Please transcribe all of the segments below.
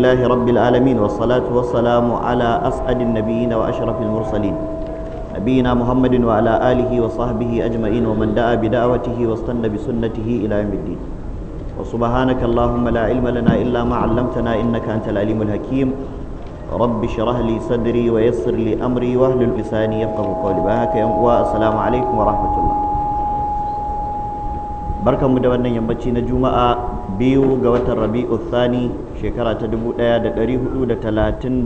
لله رب العالمين والصلاة والسلام على أسعد النبيين وأشرف المرسلين نبينا محمد وعلى آله وصحبه أجمعين ومن دعا بدعوته واستنى بسنته إلى يوم الدين وسبحانك اللهم لا علم لنا إلا ما علمتنا إنك أنت العليم الحكيم رب اشرح لي صدري ويسر لي أمري واهلل لساني يفقه قولي بهاك والسلام عليكم ورحمة الله barkanmu da wannan yammaci na juma'a biyu ga watan rabi'u thani shekara ta dubu daya da da da dari hudu talatin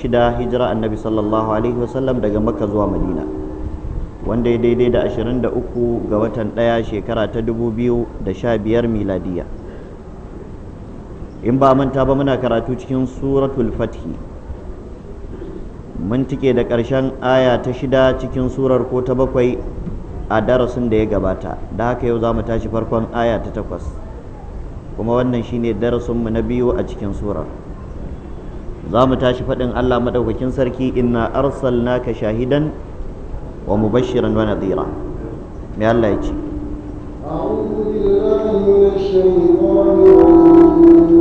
shida hijira annabi sallallahu alaihi wasallam daga makka zuwa madina wanda ya daidai da ashirin da uku ga watan daya shekara ta dubu biyu da sha biyar miladiya in ba manta ba muna karatu cikin suratul fathi mun tike da karshen aya ta shida cikin surar ko ta bakwai a darasin da ya gabata da haka yau za mu tashi farkon aya ta takwas kuma wannan shine darasinmu na biyu a cikin sura. za mu tashi faɗin Allah maɗaukakin sarki inna arsalnaka shahidan wa mubashiran wa nadira mai Allah ya ce أعوذ بالله من الشيطان الرجيم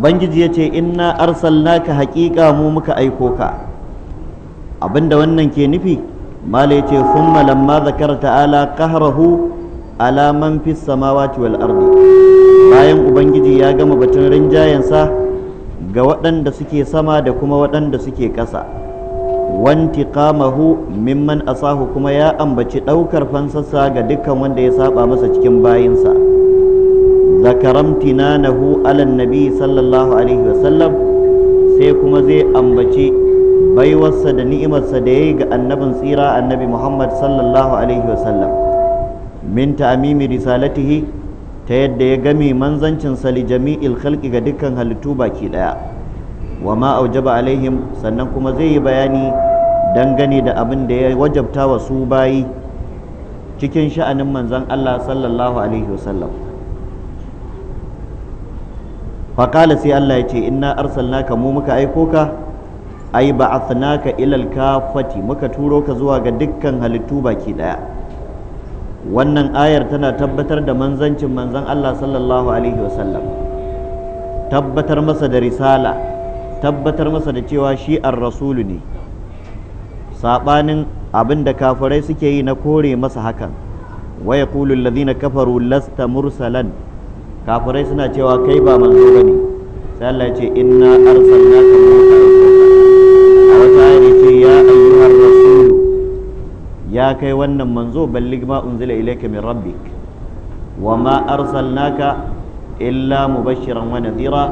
ubangiji ya ce inna arsalnaka haƙiƙa mu muka aiko ka abinda wannan ke nufi mala ya ce sun malam zakar ta'ala qahrahu alaman man fis samawati wal ardi bayan ubangiji ya gama batun rinjayensa ga waɗanda suke sama da kuma waɗanda suke ƙasa wanti kamahu mimman asahu kuma ya ambaci ɗaukar fansarsa ga dukkan wanda ya saba masa cikin bayinsa zakara nahu ala nabi sallallahu alaihi sai kuma zai ambaci baiwarsa da ni'imarsa da yayi ga annabin tsira annabi Muhammad sallallahu alaihi wasallam min risalatihi ta yadda ya gami manzancin sali jami'il khalki ga dukkan halittu baki daya wa ma aujaba alaihim sannan kuma zai yi bayani dangane da abin da ya wajabta wa su bayi cikin sha'anin manzon Allah sallallahu alaihi wasallam faƙala sai Allah ya ce inna arsalnaka mu muka aiko ka ai ba'athnaka ilal kafati muka turo ka zuwa ga dukkan halittu baki ɗaya. wannan ayar tana tabbatar da manzancin manzan Allah sallallahu alaihi wasallam tabbatar masa da risala tabbatar masa da cewa shi ar-rasulu ne sabanin abin da kafirai suke yi na kore masa hakan wa yaqulu alladhina kafaru lasta mursalan kafirai suna cewa kai ba manzo ba bane sai Allah ya ce inna arsalnaka a wata ayar ce ya ayyuhar rasul ya kai wannan manzo ballig ma unzila ilayka min rabbik wa ma arsalnaka illa mubashiran wa nadhira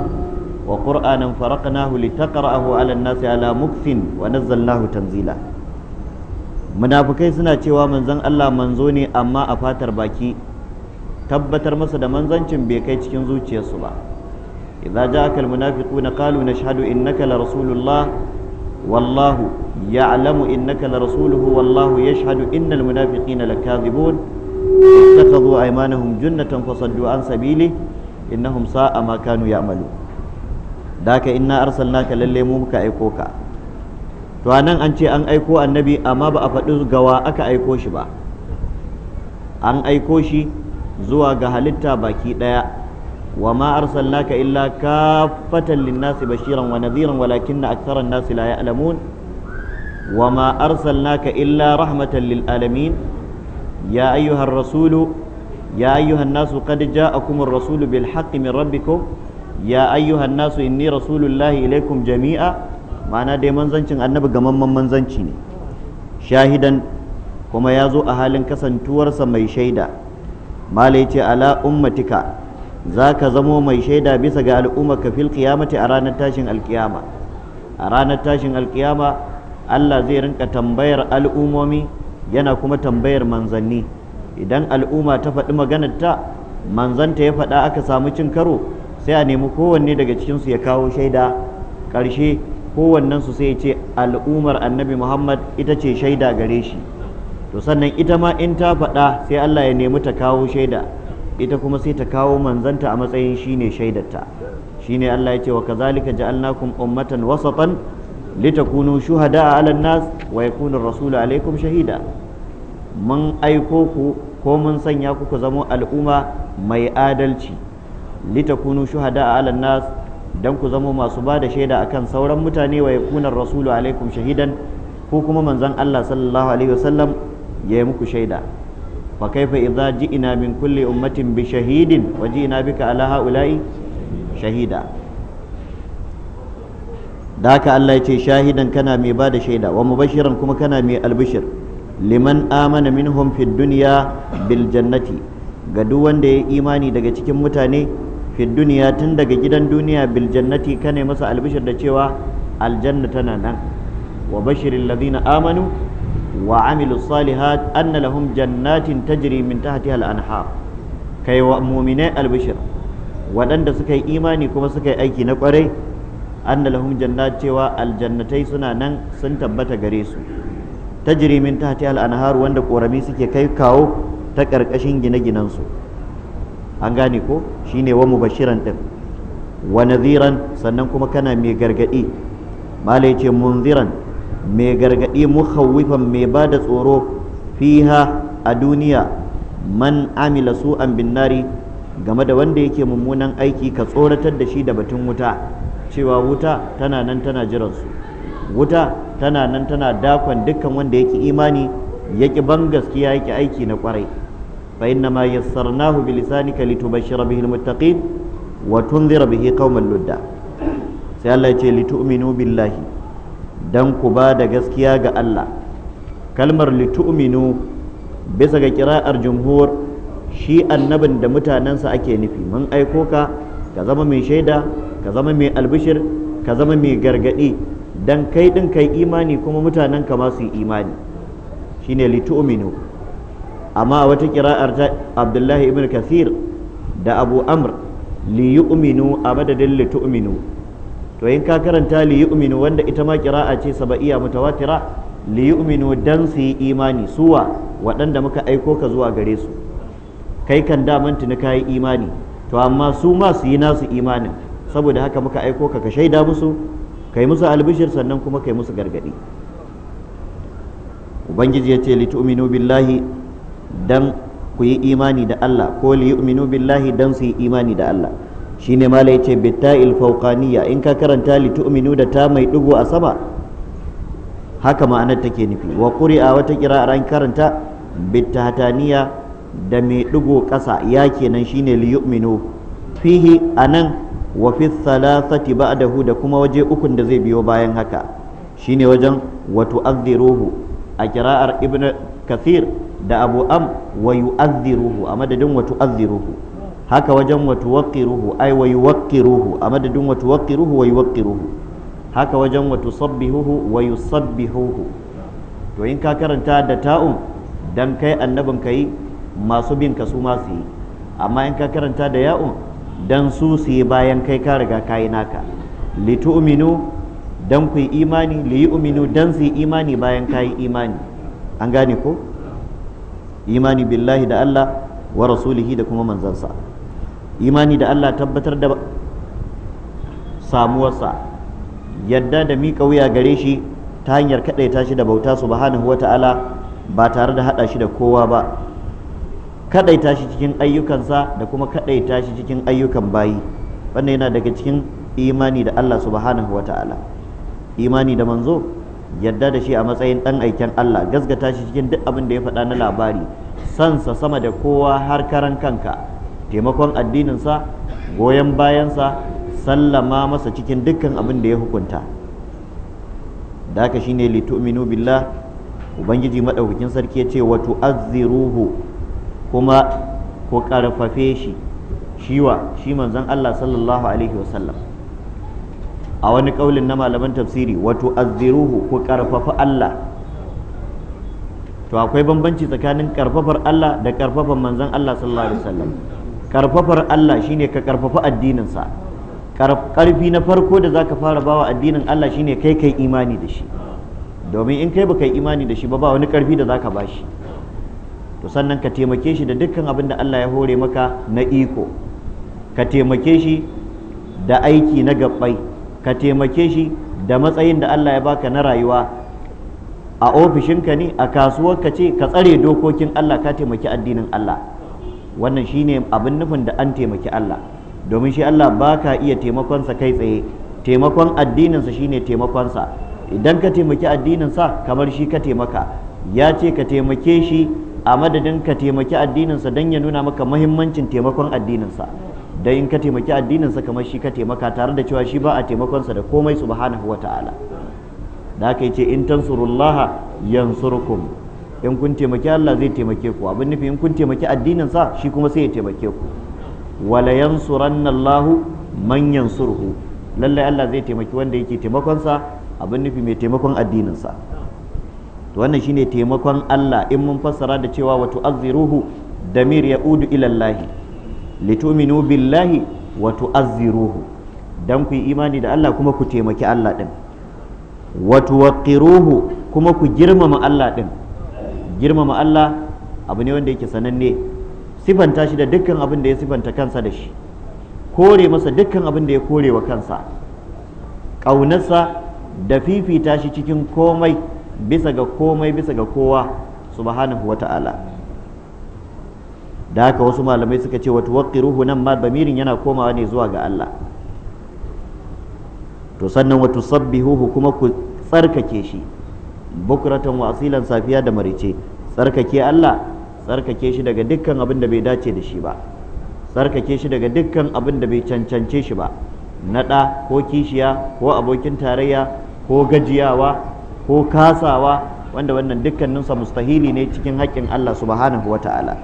wa qur'anan faraqnahu litaqra'ahu 'ala an-nasi 'ala mukthin wa nazzalnahu tanzila munafukai suna cewa manzon Allah manzo ne amma a fatar baki tabbatar masa da manzancin bai kai cikin zuciyarsu ba idza ja'aka almunafiquna qalu nashhadu innaka la rasulullah wallahu ya'lamu innaka la rasuluhu wallahu yashhadu innal munafiqina lakadhibun ittakhadhu aymanahum junnatan fasaddu an sabili innahum sa'a ma kanu ya'malu daka inna arsalnaka lalle mu muka aiko ka to anan an ce an aiko annabi amma ba a faɗi gawa aka aiko shi ba an aiko shi zuwa ga halitta baki ɗaya wa ma arsalnaka illa kaffatan linnasi bashiran wa nadhiran walakinna aktharan nasi la ya'lamun wa ma arsalnaka illa rahmatan lil alamin ya ayyuhar rasulu ya ayyuhan nasu qad ja'akumur rasulu bil haqqi min rabbikum ya ayyuhan nasu inni rasulullahi ilaikum jami'a ma'ana dai manzancin annabi gamamman manzanci ne shahidan kuma ya zo a halin kasantuwarsa mai shaida malai ce ala ummatika za ka zamo mai shaida bisa ga al'ummarka fil qiyamati a ranar tashin alkiyama a ranar tashin alkiyama Allah zai rinka tambayar al'ummomi yana kuma tambayar manzanni idan al'umma ta faɗi maganar ta manzanta ya faɗa aka samu cin karo sai a nemi kowanne daga cikinsu ya kawo shaida ƙarshe kowannensu sai ya ce al'ummar annabi muhammad ita ce shaida gare shi to sannan ita ma in ta faɗa sai Allah ya nemi ta kawo shaida ita kuma sai ta kawo manzanta a matsayin shine shaidarta shine Allah ya ce wa kazalika ja'alnakum ummatan wasatan litakunu shuhada'a 'alan nas wa yakuna ar-rasulu 'alaykum shahida mun aiko ku ko mun sanya ku ku zamo al'umma mai adalci litakunu shuhada'a 'alan nas dan ku zamo masu ba da shaida akan sauran mutane wa yakuna ar-rasulu 'alaykum shahidan ko kuma manzon Allah sallallahu alaihi wasallam ya yi muku shaida fa kaifa idza ji'na min kulli ummatin bi shahidin wa ji'na bika ala haula'i shahida da haka Allah ya ce shahidan kana mai ba da shaida wa mubashiran kuma kana mai albishir liman amana minhum fid dunya bil jannati ga duk wanda ya imani daga cikin mutane fid tun daga gidan duniya bil jannati kane masa albishir da cewa aljanna tana nan wa bashirin ladina amanu وعملوا الصالحات أن لهم جنات تجري من تحتها الأنهار كي ومؤمناء البشر waɗanda suka yi imani kuma suka yi aiki na kwarai an da lahum jannat cewa aljannatai suna nan sun tabbata gare su tajri min tahti al-anhar wanda ƙorami suke kai kawo ta ƙarƙashin gine-ginensu an gane ko shine wa mubashiran din wa nadhiran sannan kuma kana mai gargaɗi malai ce munziran mai gargaɗi mukhawifan mai ba da tsoro fiha a duniya man amila su'an bin nari game da wanda yake mummunan aiki ka tsoratar da shi da batun wuta cewa wuta tana nan tana jiransu wuta tana nan tana dakon dukkan wanda yake imani yake ban gaskiya yake aiki na kwarai fa inna ma yassarnahu bi lisanika litubashshira bihi almuttaqin wa tunzira bihi qauman ludda sai Allah ya ce litu'minu billahi don ku ba da gaskiya ga Allah kalmar litu'minu bisa ga kira'ar jumhur shi annabin da mutanensa ake nufi mun aiko ka ka zama mai shaida ka zama mai albishir ka zama mai gargadi don kai ɗin kai imani kuma mutanen ka masu yi imani shine litu'minu amma wata kira'ar ta Abdullahi ibn Kathir da Abu Amr liyu'minu a madadin litu'minu to in ka karanta li yu'minu wanda ita ma qira'a ce sabaiya mutawatira li yu'minu dan su yi imani suwa waɗanda muka aiko ka zuwa gare su kai kan daman tuni ka yi imani to amma su ma su yi nasu imanin saboda haka muka aiko ka ka shaida musu kai musu albishir sannan kuma kai musu gargadi ubangiji ya ce li tu'minu billahi dan ku yi imani da Allah ko li yu'minu billahi dan su yi imani da Allah shine mala yace bitta'il fawqaniyya in ka karanta li tu'minu da ta mai dugu a sama haka ma'anar take nufi wa a wata kira'ar an karanta bittahataniya da mai dugu ƙasa ya kenan shine li yu'minu fihi anan wa fi thalathati ba'dahu da kuma waje ukun da zai biyo bayan haka shine wajen wa tu'adhiruhu a kira'ar ibn kathir da abu am wa yu'adhiruhu a madadin wa tu'adhiruhu haka wajen wa wakiruhu ai wa yuwaqqiruhu a madadin wa wakiruhu wa yuwaqqiruhu haka wajen wa sabbihuhu wa yusabbihuhu to in ka karanta da ta'un dan kai annabin kai masu bin ka su ma su yi amma in ka karanta da ya'un dan su su yi bayan kai ka riga kayi naka tu'minu dan ku yi imani yu'minu dan su yi imani bayan kayi imani an gane ko imani billahi da Allah wa rasulihi da kuma manzansa imani da Allah tabbatar da samuwarsa yadda da miƙa wuya gare shi ta hanyar kaɗaita shi da bauta subhanahu wa ta'ala ba tare da haɗa shi da kowa ba kaɗaita shi cikin ayyukansa da kuma kaɗaita shi cikin ayyukan bayi wannan yana daga cikin imani da Allah subhanahu wa ta'ala imani da manzo yadda da shi a matsayin ɗan aiken Allah gasgata shi cikin duk abin da ya faɗa na labari sansa sama da kowa har karan kanka taimakon addininsa goyon bayansa sallama masa cikin dukkan abin da ya hukunta da haka shine litu'minu billah ubangiji madaukakin sarki ya ce wa tu'azziruhu kuma ko ƙarfafe shi shiwa shi manzon Allah sallallahu alaihi wasallam a wani ƙaulin na malaman tafsiri wa tu'azziruhu ko ƙarfafa Allah to akwai bambanci tsakanin ƙarfafar Allah da ƙarfafar manzon Allah sallallahu alaihi wasallam karfafar Allah shine ka karfafa addininsa ƙarfi na farko da za ka fara bawa addinin Allah shine kai kai imani da shi domin in kai baka imani da shi ba ba wani ƙarfi da za ka ba shi to sannan ka taimake shi da dukkan abin da Allah ya hore maka na iko ka taimake shi da aiki na gabbai ka taimake shi da matsayin da Allah ya baka na rayuwa a ofishinka ne a kasuwar ka ce ka tsare dokokin Allah ka taimaki addinin Allah wannan shine abin nufin da an taimaki Allah domin shi Allah ba ka iya taimakonsa kai tsaye taimakon addininsa shine taimakonsa idan ka taimaki addininsa kamar shi ka taimaka ya ce ka taimake shi a madadin ka taimaki addininsa don ya nuna maka mahimmancin taimakon addininsa don in ka taimaki addininsa kamar shi ka taimaka tare da cewa shi ba a taimakonsa da komai subhanahu wa ta'ala da aka yi ce in tansurullaha in kun taimaki Allah zai taimake ku abin nufi in kun taimaki addinin sa shi kuma sai ya taimake ku wala yansuranna Allah man yansuruhu lalle Allah zai taimaki wanda yake taimakon sa abin nufi mai taimakon addinin sa to wannan shine taimakon Allah in mun fassara da cewa wa tu'azziruhu damir ya'udu ila Allah litu'minu billahi wa tu'azziruhu dan ku yi imani da Allah kuma ku taimaki Allah din wa tuwaqqiruhu kuma ku girmama Allah din girmama Allah abu ne wanda yake sananne sifanta shi da dukkan abin da ya sifanta kansa da shi kore masa dukkan abin da ya kore wa kansa ƙaunarsa da fifita shi cikin komai bisa ga komai bisa ga kowa subhanahu wa ta'ala da haka wasu malamai suka ce wata ruhu nan ma bamirin yana komawa ne zuwa ga Allah to sannan wata sabbihuhu kuma ku tsarkake shi bukratan wa asilan safiya da marice tsarkake Allah tsarkake shi daga dukkan abin da bai dace da shi ba tsarkake shi daga dukkan abin da bai cancance shi ba naɗa ko kishiya ko abokin tarayya ko gajiyawa ko kasawa wanda wannan dukkaninsa mustahili ne cikin haƙƙin Allah subhanahu wata'ala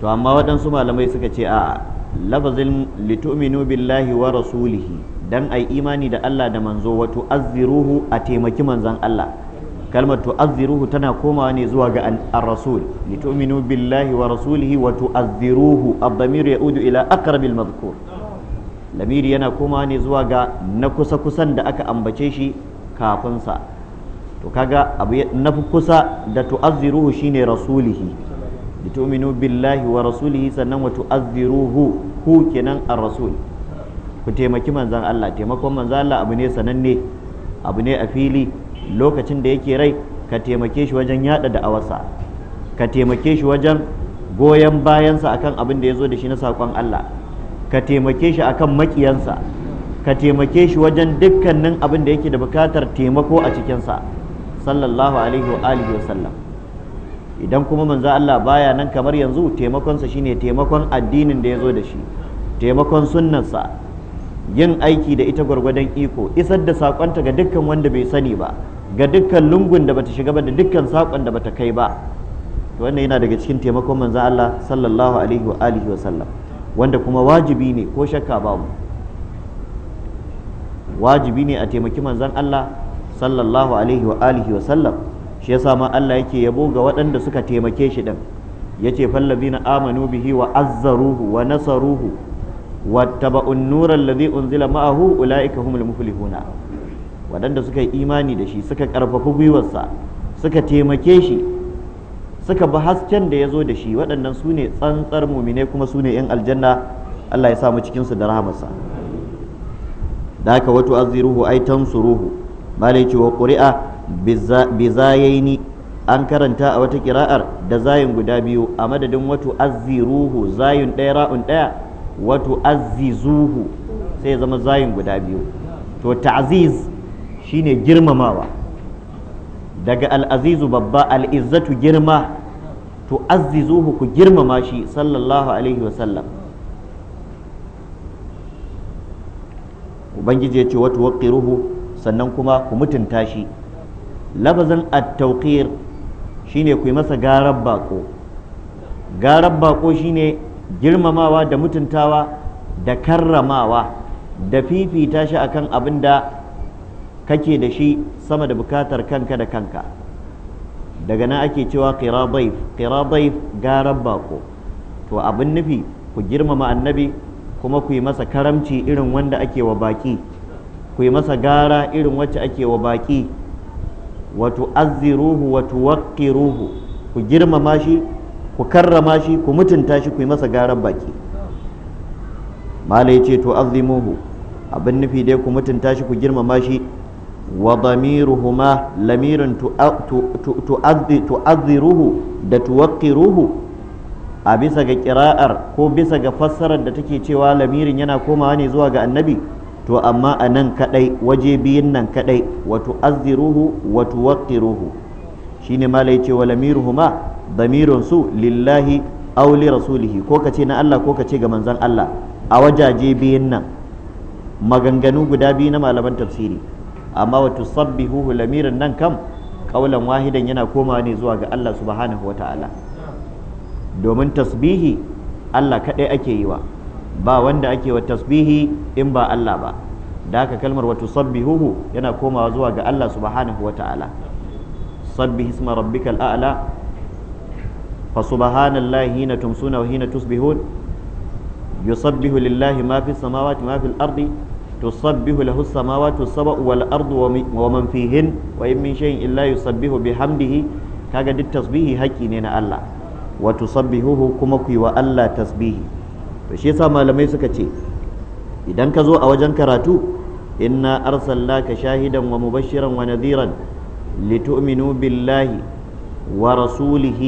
to amma waɗansu malamai suka ce a lafazin litu'minu billahi wa rasulihi dan ai imani da Allah da manzo wato azziruhu a taimaki manzon Allah kalmar to azziruhu tana komawa ne zuwa ga ar-rasul litu'minu billahi wa rasulihi wa tu'azziruhu ad-damir ya'udu ila aqrabil madhkur lamiri yana komawa ne zuwa ga na kusa kusan da aka ambace shi kafin sa to kaga abu na kusa da tu'azziruhu shine rasulihi litu'minu billahi wa rasulihi sannan wa tu'azziruhu hu kenan ar-rasul ku taimaki manzan Allah taimakon manzan Allah abu ne sananne abu ne a fili lokacin da yake rai ka taimake shi wajen yada da'awarsa ka taimake shi wajen goyon bayansa akan abin da ya zo da shi na saƙon Allah ka taimake shi akan makiyansa ka taimake shi wajen dukkanin abin da yake da bukatar taimako a cikinsa sallallahu alaihi wa alihi wa sallam idan kuma manzo Allah baya nan kamar yanzu taimakonsa shine taimakon addinin da ya zo da shi taimakon sunnarsa yin aiki da ita gwargwadon iko isar da sakonta ga dukkan wanda bai sani ba ga dukkan lungun da bata shiga ba da dukkan sakon da bata kai ba to wannan yana daga cikin taimakon manzo Allah sallallahu alaihi wa alihi wa sallam wanda kuma wajibi ne ko shakka babu wajibi ne a taimaki manzon Allah sallallahu alaihi wa alihi wa sallam shi yasa ma Allah yake yabo ga waɗanda suka taimake shi din yace fallazina amanu bihi wa azzaruhu wa nasaruhu wattaba'un nuran ladhi unzila ma'ahu ulaika humul muflihuna waɗanda suka yi imani da shi suka ƙarfafi gwiwarsa suka taimake shi suka bi hasken da ya zo da shi waɗannan su ne tsantsar mumine kuma su ne 'yan aljanna Allah ya samu cikinsu da rahamarsa da haka wato azziruhu ai tansuruhu malai ce wa ƙuri'a bizayaini an karanta a wata kira'ar da zayin guda biyu a madadin wato azziruhu zayin ɗaya ra'un ɗaya wato azizuhu sai zama zayin guda biyu to ta'ziz shine girmamawa daga al'azizu babba al'izzatu girma to azizuhu ku girmama shi sallallahu alaihi wasallam ubangiji ya ce wata waƙiruhu sannan kuma ku mutunta shi lafazin at-tawqir shine ku yi masa garar bako garar bako shine girmamawa da mutuntawa da karramawa da fifita shi akan abin da kake da shi sama da bukatar kanka da kanka daga nan ake cewa qira daif qira garan bako to abin nufi ku girmama annabi kuma ku yi masa karamci irin wanda ake wa baki ku yi masa gara irin wacce ake wa baki wato azziruhu wa waqiruhu ku girmama shi ku karrama shi ku mutunta shi ku yi masa garan baki mala ya ce to azimuhu abin nufi dai ku mutunta shi ku girmama shi wa damiruhuma lamirin da tuwaqqiruhu a bisa ga kira'ar ko bisa ga fassarar da take cewa lamirin yana komawa ne zuwa ga annabi to amma a nan kaɗai waje biyun nan kaɗai wa tu'azziruhu wa tuwaqqiruhu shine ma ce wa ma damirun su lillahi auli rasulihi ko kace na Allah ko kace ga manzon Allah a wajaje biyun nan maganganu guda biyu na malaman tafsiri amma wato huhu lamirin nan kam kaulan wahidan yana komawa ne zuwa ga Allah subhanahu wataala domin tasbihi Allah kaɗai ake yi wa ba wanda ake wa tasbihi in ba Allah ba da haka kalmar wato huhu yana komawa zuwa ga Allah subhanahu wataala sabbih isma rabbikal a'la fa subhanallahi hina tumsuna wa hina tusbihun yusabbihu lillahi ma fis samawati ma fil ardi tusabbihu lahu samawati sab'u wal ardu wa man fihin wa in min shay'in illa yusabbihu kaga duk tasbihi haƙƙi ne na Allah wa tusabbihuhu kuma ku wa Allah tasbihi to shi yasa malamai suka ce idan ka zo a wajen karatu inna arsalnaka shahidan wa mubashiran لتؤمنوا بالله ورسوله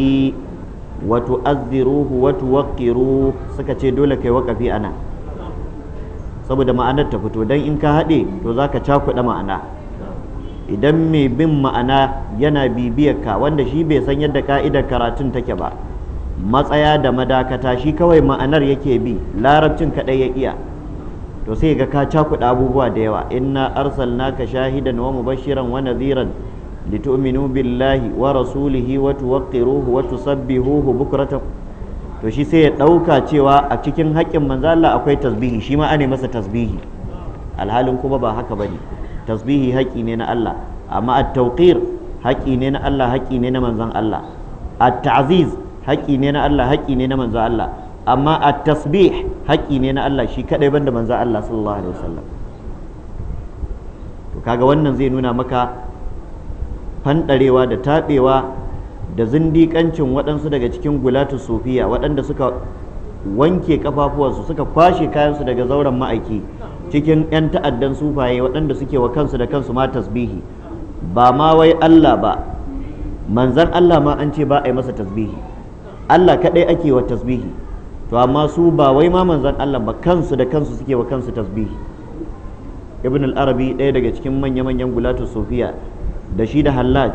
وتؤذروه وتوقروه سكتي دولة كي وقفي أنا saboda ma'anar ta fito don in ka haɗe to za ka cakuɗa ma'ana idan mai bin ma'ana yana bibiyar ka wanda shi bai san yadda ka'idar karatun take ba matsaya da madakata shi kawai ma'anar yake bi larabcin kaɗai ya iya to sai ga ka cakuɗa abubuwa da yawa inna arsalnaka shahidan wa mubashiran wa nadhiran litu'minu billahi wa rasulihi wa tuwaqqiruhu wa tusabbihuhu bukratan to shi sai ya ɗauka cewa a cikin haƙƙin manzo Allah akwai tasbihi shi ma ane masa tasbihi alhalin kuma ba haka bane tasbihi haƙƙi ne na Allah amma at-tawqir haƙƙi ne na Allah haƙƙi ne na manzon Allah at-ta'ziz haƙƙi ne na Allah haƙƙi ne na manzon Allah amma at-tasbih haƙƙi ne na Allah shi kadai banda manzon Allah sallallahu alaihi wasallam to kaga wannan zai nuna maka fanɗarewa da taɓewa da zindiƙancin waɗansu daga cikin gulatu sofiya waɗanda suka wanke kafafuwansu suka kwashe kayansu daga zauren ma'aiki cikin 'yan ta'addan sufaye waɗanda suke wa kansu da kansu ma tasbihi ba ma wai Allah ba manzan Allah ma an ce ba a yi masa tasbihi Allah kaɗai ake wa tasbihi to amma su ba wai ma manzan Allah ba kansu da kansu suke wa kansu tasbihi ibn al-arabi ɗaya daga cikin manya-manyan gulatu sofiya da shi da hallaj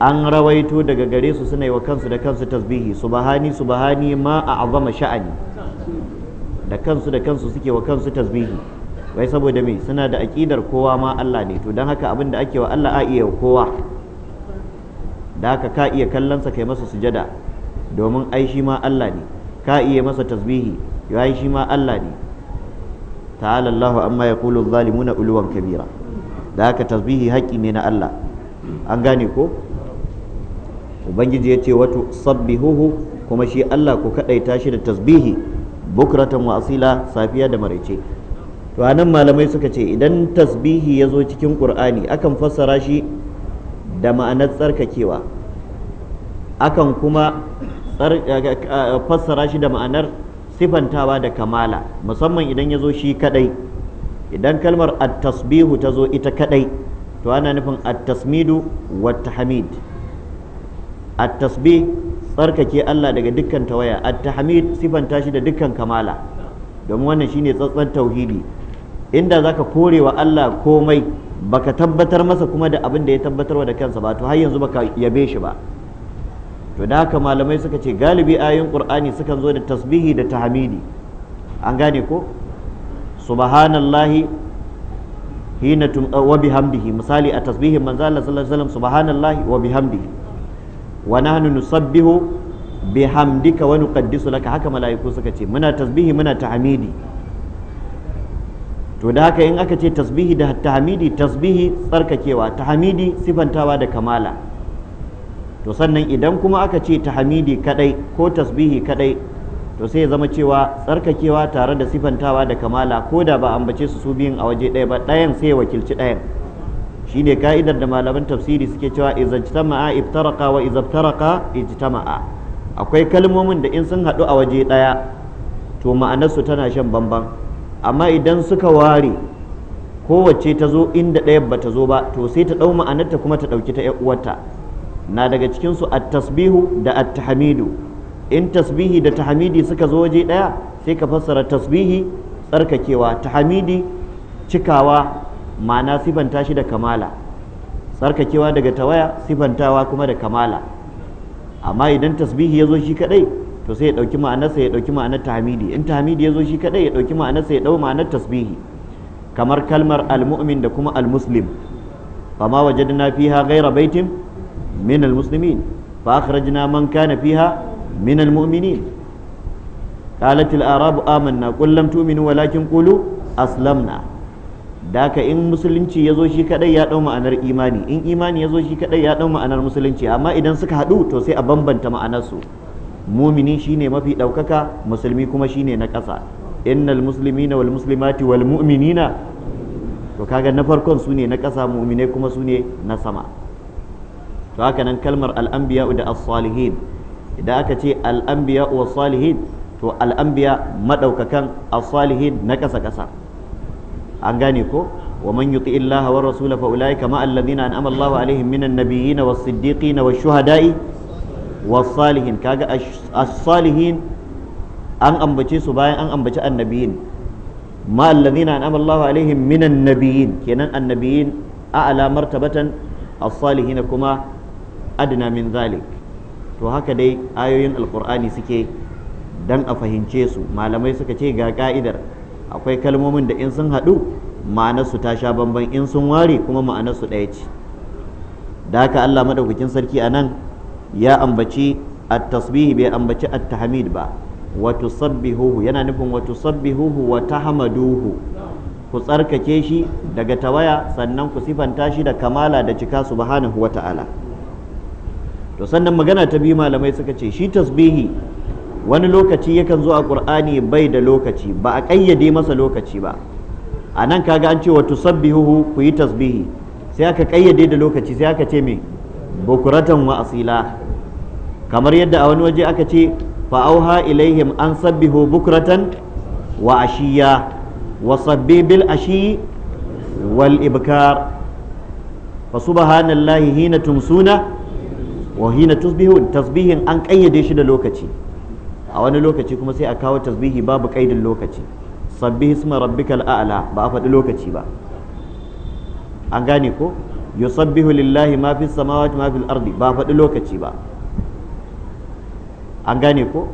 an rawaito daga gare su suna yi wa kansu da kansu tasbihi subhani subhani ma a azama sha'ani da kansu da kansu suke wa kansu tasbihi wai saboda me suna da aƙidar kowa ma Allah ne to don haka abin da ake wa Allah a iya kowa da haka ka iya kallonsa kai masa sujada domin ai shi ma Allah ne ka iya masa tasbihi ya shi ma Allah ne ta'ala Allahu amma yaqulu zalimuna uluwan kabira da haka tasbihi haƙƙi ne na Allah an gane ko ubangiji ya ce wato sabbihuhu kuma shi Allah ku kaɗaita shi da tasbihi bukratan wa asila safiya da maraice to anan malamai suka ce idan tasbihi yazo cikin ƙur'ani akan fassara shi da ma'anar tsarkakewa akan kuma fassara shi da ma'anar sifantawa da kamala musamman idan yazo shi kadai idan kalmar at ta zo ita kadai to ana nufin at-tasmidu wa tahmid at-tasbih tsarkake Allah daga dukkan tawaya at-tahmid sifanta shi da dukkan kamala domin wannan shine tsatsan tauhidi inda zaka kore wa Allah komai baka tabbatar masa kuma da abin da ya tabbatarwa da kansa ba to har yanzu baka yabe shi ba to da haka malamai suka ce galibi ayoyin qur'ani sukan zo da tasbihi da tahmidi an gane ko subhanallahi hina tum uh, wa bihamdihi misali a tasbihin manzo Allah sallallahu alaihi wasallam subhanallahi wa bihamdihi wa nahnu nusabbihu bihamdika wa nuqaddisu laka haka mala'iku suka ce muna tasbihi muna tahmidi to da haka in aka ce tasbihi da tahmidi tasbihi tsarkakewa tahmidi sifantawa da kamala to sannan idan kuma aka ce tahmidi kadai ko tasbihi kadai to sai ya zama cewa tsarkakewa tare da sifantawa da kamala ko da ba ambace su su biyun a waje ɗaya ba ɗayan sai ya wakilci ɗayan shine ka'idar da malaman tafsiri suke cewa izajtama'a iftaraka wa izabtaraka ijtama'a akwai kalmomin da in sun haɗu a waje ɗaya to ma'anarsu tana shan bamban amma idan suka ware kowace ta zo inda ɗaya ba ta zo ba to sai ta ɗau ma'anarta kuma ta ɗauki ta uwarta na daga cikinsu at-tasbihu da at-tahmidu in tasbihi da tahmidi suka zo waje ɗaya sai ka fassara tasbihi tsarkakewa tahmidi cikawa ma'ana sifanta shi da kamala tsarkakewa daga tawaya sifantawa kuma da kamala amma idan tasbihi ya zo shi kaɗai to sai ya ɗauki ma'anarsa ya ɗauki ma'anar tahmidi in tahmidi ya zo shi kaɗai ya ɗauki ma'anarsa ya ɗau ma'anar tasbihi kamar kalmar almu'min da kuma almuslim fama wajadna fiha ghaira baitin min almuslimin fa akhrajna man kana fiha من المؤمنين قالت الأعراب آمنا قل لم تؤمنوا ولكن قولوا أسلمنا daka in musulunci ya zo shi kadai ya dau ma'anar imani in imani ya zo shi kadai ya dau ma'anar musulunci amma idan suka haɗu to sai a bambanta ma'anarsu mumini shine mafi ɗaukaka musulmi kuma shine na ƙasa innal muslimina wal muslimati wal mu'minina to kaga na farkon su ne na ƙasa mu'minai kuma su ne na sama to haka nan kalmar al'anbiya da as-salihin idan aka ce al'ambiya wa salihin to al'ambiya madaukakan a salihin na kasa kasa an gane ko wa man yuti illaha wa rasula fa ulai kama alladhina an'ama Allahu alaihim minan nabiyyin was-siddiqin wash-shuhada'i was-salihin kaga as-salihin an ambace su bayan an ambaci annabiyin ma alladhina an'ama Allahu alaihim minan nabiyyin kenan annabiyin a'la martabatan as-salihin kuma adna min zalik to haka dai ayoyin alkur'ani suke dan a fahimce su malamai suka ce ga ka'idar akwai kalmomin da in sun haɗu ma'anarsu ta sha bamban in sun ware kuma ma'anarsu ɗaya ce da haka allah maɗaukakin sarki a nan ya ambaci at tasbihi bai ambaci at-tahmid ba wa tusabbihuhu yana nufin wa tusabbihuhu wa tahmaduhu ku tsarkake shi daga tawaya sannan ku sifanta shi da kamala da cika subhanahu wa ta'ala to sannan magana ta biyu malamai suka ce shi tasbihi wani lokaci yakan zo a qur'ani bai da lokaci ba a ƙayyade masa lokaci ba a nan kaga an ce wa tusabbihuhu ku yi tasbihi sai aka ƙayyade da lokaci sai aka ce me bukuratan wa asila kamar yadda a wani waje aka ce fa'auha ilaihim an sabbihu bukuratan wa ashiya wa sabbi bil ashi wal ibkar fa subhanallahi hina tumsuna wa hina tasbihin an kayyade shi da lokaci a wani lokaci kuma sai a kawo tasbihi babu kaidin lokaci sabbih isma rabbikal a'la ba a faɗi lokaci ba an gane ko yusabbihu lillahi ma fis samawati ma fil ardi ba faɗi lokaci ba an gane ko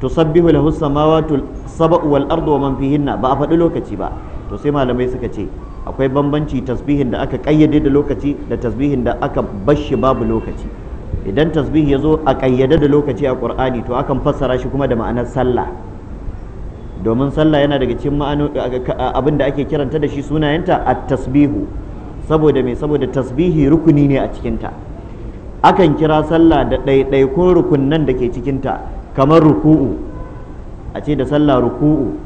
tusabbihu lahu samawati sab'u wal ardu wa man fihinna ba a faɗi lokaci ba to sai malamai suka ce akwai bambanci tasbihin da aka kayyade da lokaci da tasbihin da aka bashi babu lokaci idan tasbih ya zo a ƙayyade da lokaci a ƙur'ani to akan fassara shi kuma da ma'anar sallah domin sallah yana daga cikin abin da ake kiranta da shi sunayenta a tasbihu saboda mai saboda tasbihi rukuni ne a cikinta akan kira sallah da ɗaiɗaikun rukunnan da ke cikinta kamar ruku'u a ce da sallah ruku'u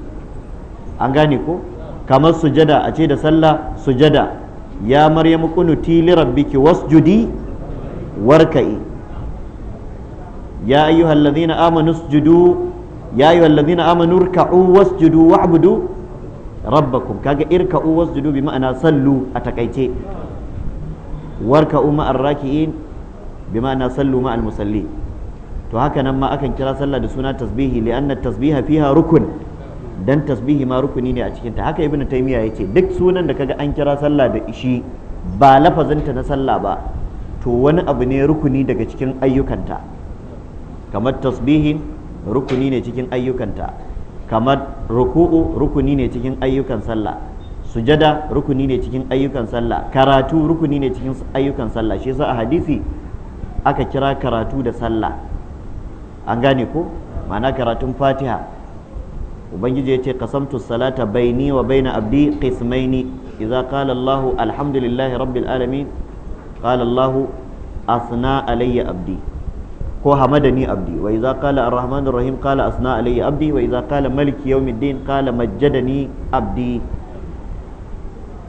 an gane ko kamar sujada a ce da sallah sujada ya maryamu kunuti li wasjudi warka'i ya ayyuhal ladhina amanu isjudu ya ayyuhal ladhina amanu irka'u wasjudu wa'budu rabbakum kaga irka'u wasjudu bi ma'ana sallu a takaice warka'u ma'ar raki'in bi ma'ana sallu ma'al musalli to hakanan ma akan kira sallah da suna tasbihi li'anna tasbiha fiha rukun dan tasbihi ma rukuni ne a cikin ta haka ibnu taymiya yace duk sunan da kaga an kira sallah da ishi ba lafazinta na sallah ba to wani abu ne rukuni daga cikin ayyukanta kamar tasbihi rukuni ne cikin ayyukanta kamar ruku'u rukuni ne cikin ayyukan sallah sujada rukuni ne cikin ayyukan sallah karatu rukuni ne cikin ayyukan sallah shi yasa a hadisi aka kira karatu da sallah an gane ko ma'ana karatun fatiha ubangiji ya ce qasamtu salata baini wa baina abdi qismaini idza qala allah alhamdulillahi rabbil alamin qala Allahu asna alayya abdi ko hamadani abdi wa idza qala ar-rahmanur rahim qala asna alayya abdi wa idza qala maliki yawmiddin qala majjadani abdi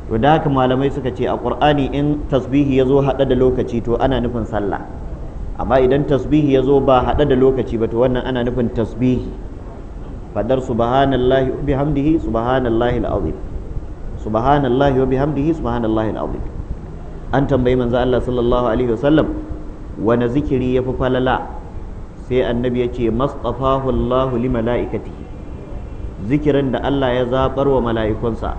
to da haka malamai suka ce a qur'ani in tasbihi ya zo hada da lokaci to ana nufin sallah amma idan tasbihi ya zo ba hada da lokaci ba to wannan ana nufin tasbihi fadar subhanallahi wa bihamdihi subhanallahi al-azim subhanallahi wa bihamdihi subhanallahi al an tambayi manzo Allah sallallahu alaihi wasallam wani zikiri ya fi falala sai annabi ya ce mastafahu Allah li mala'ikatihi zikirin da Allah ya zabar wa mala'ikunsa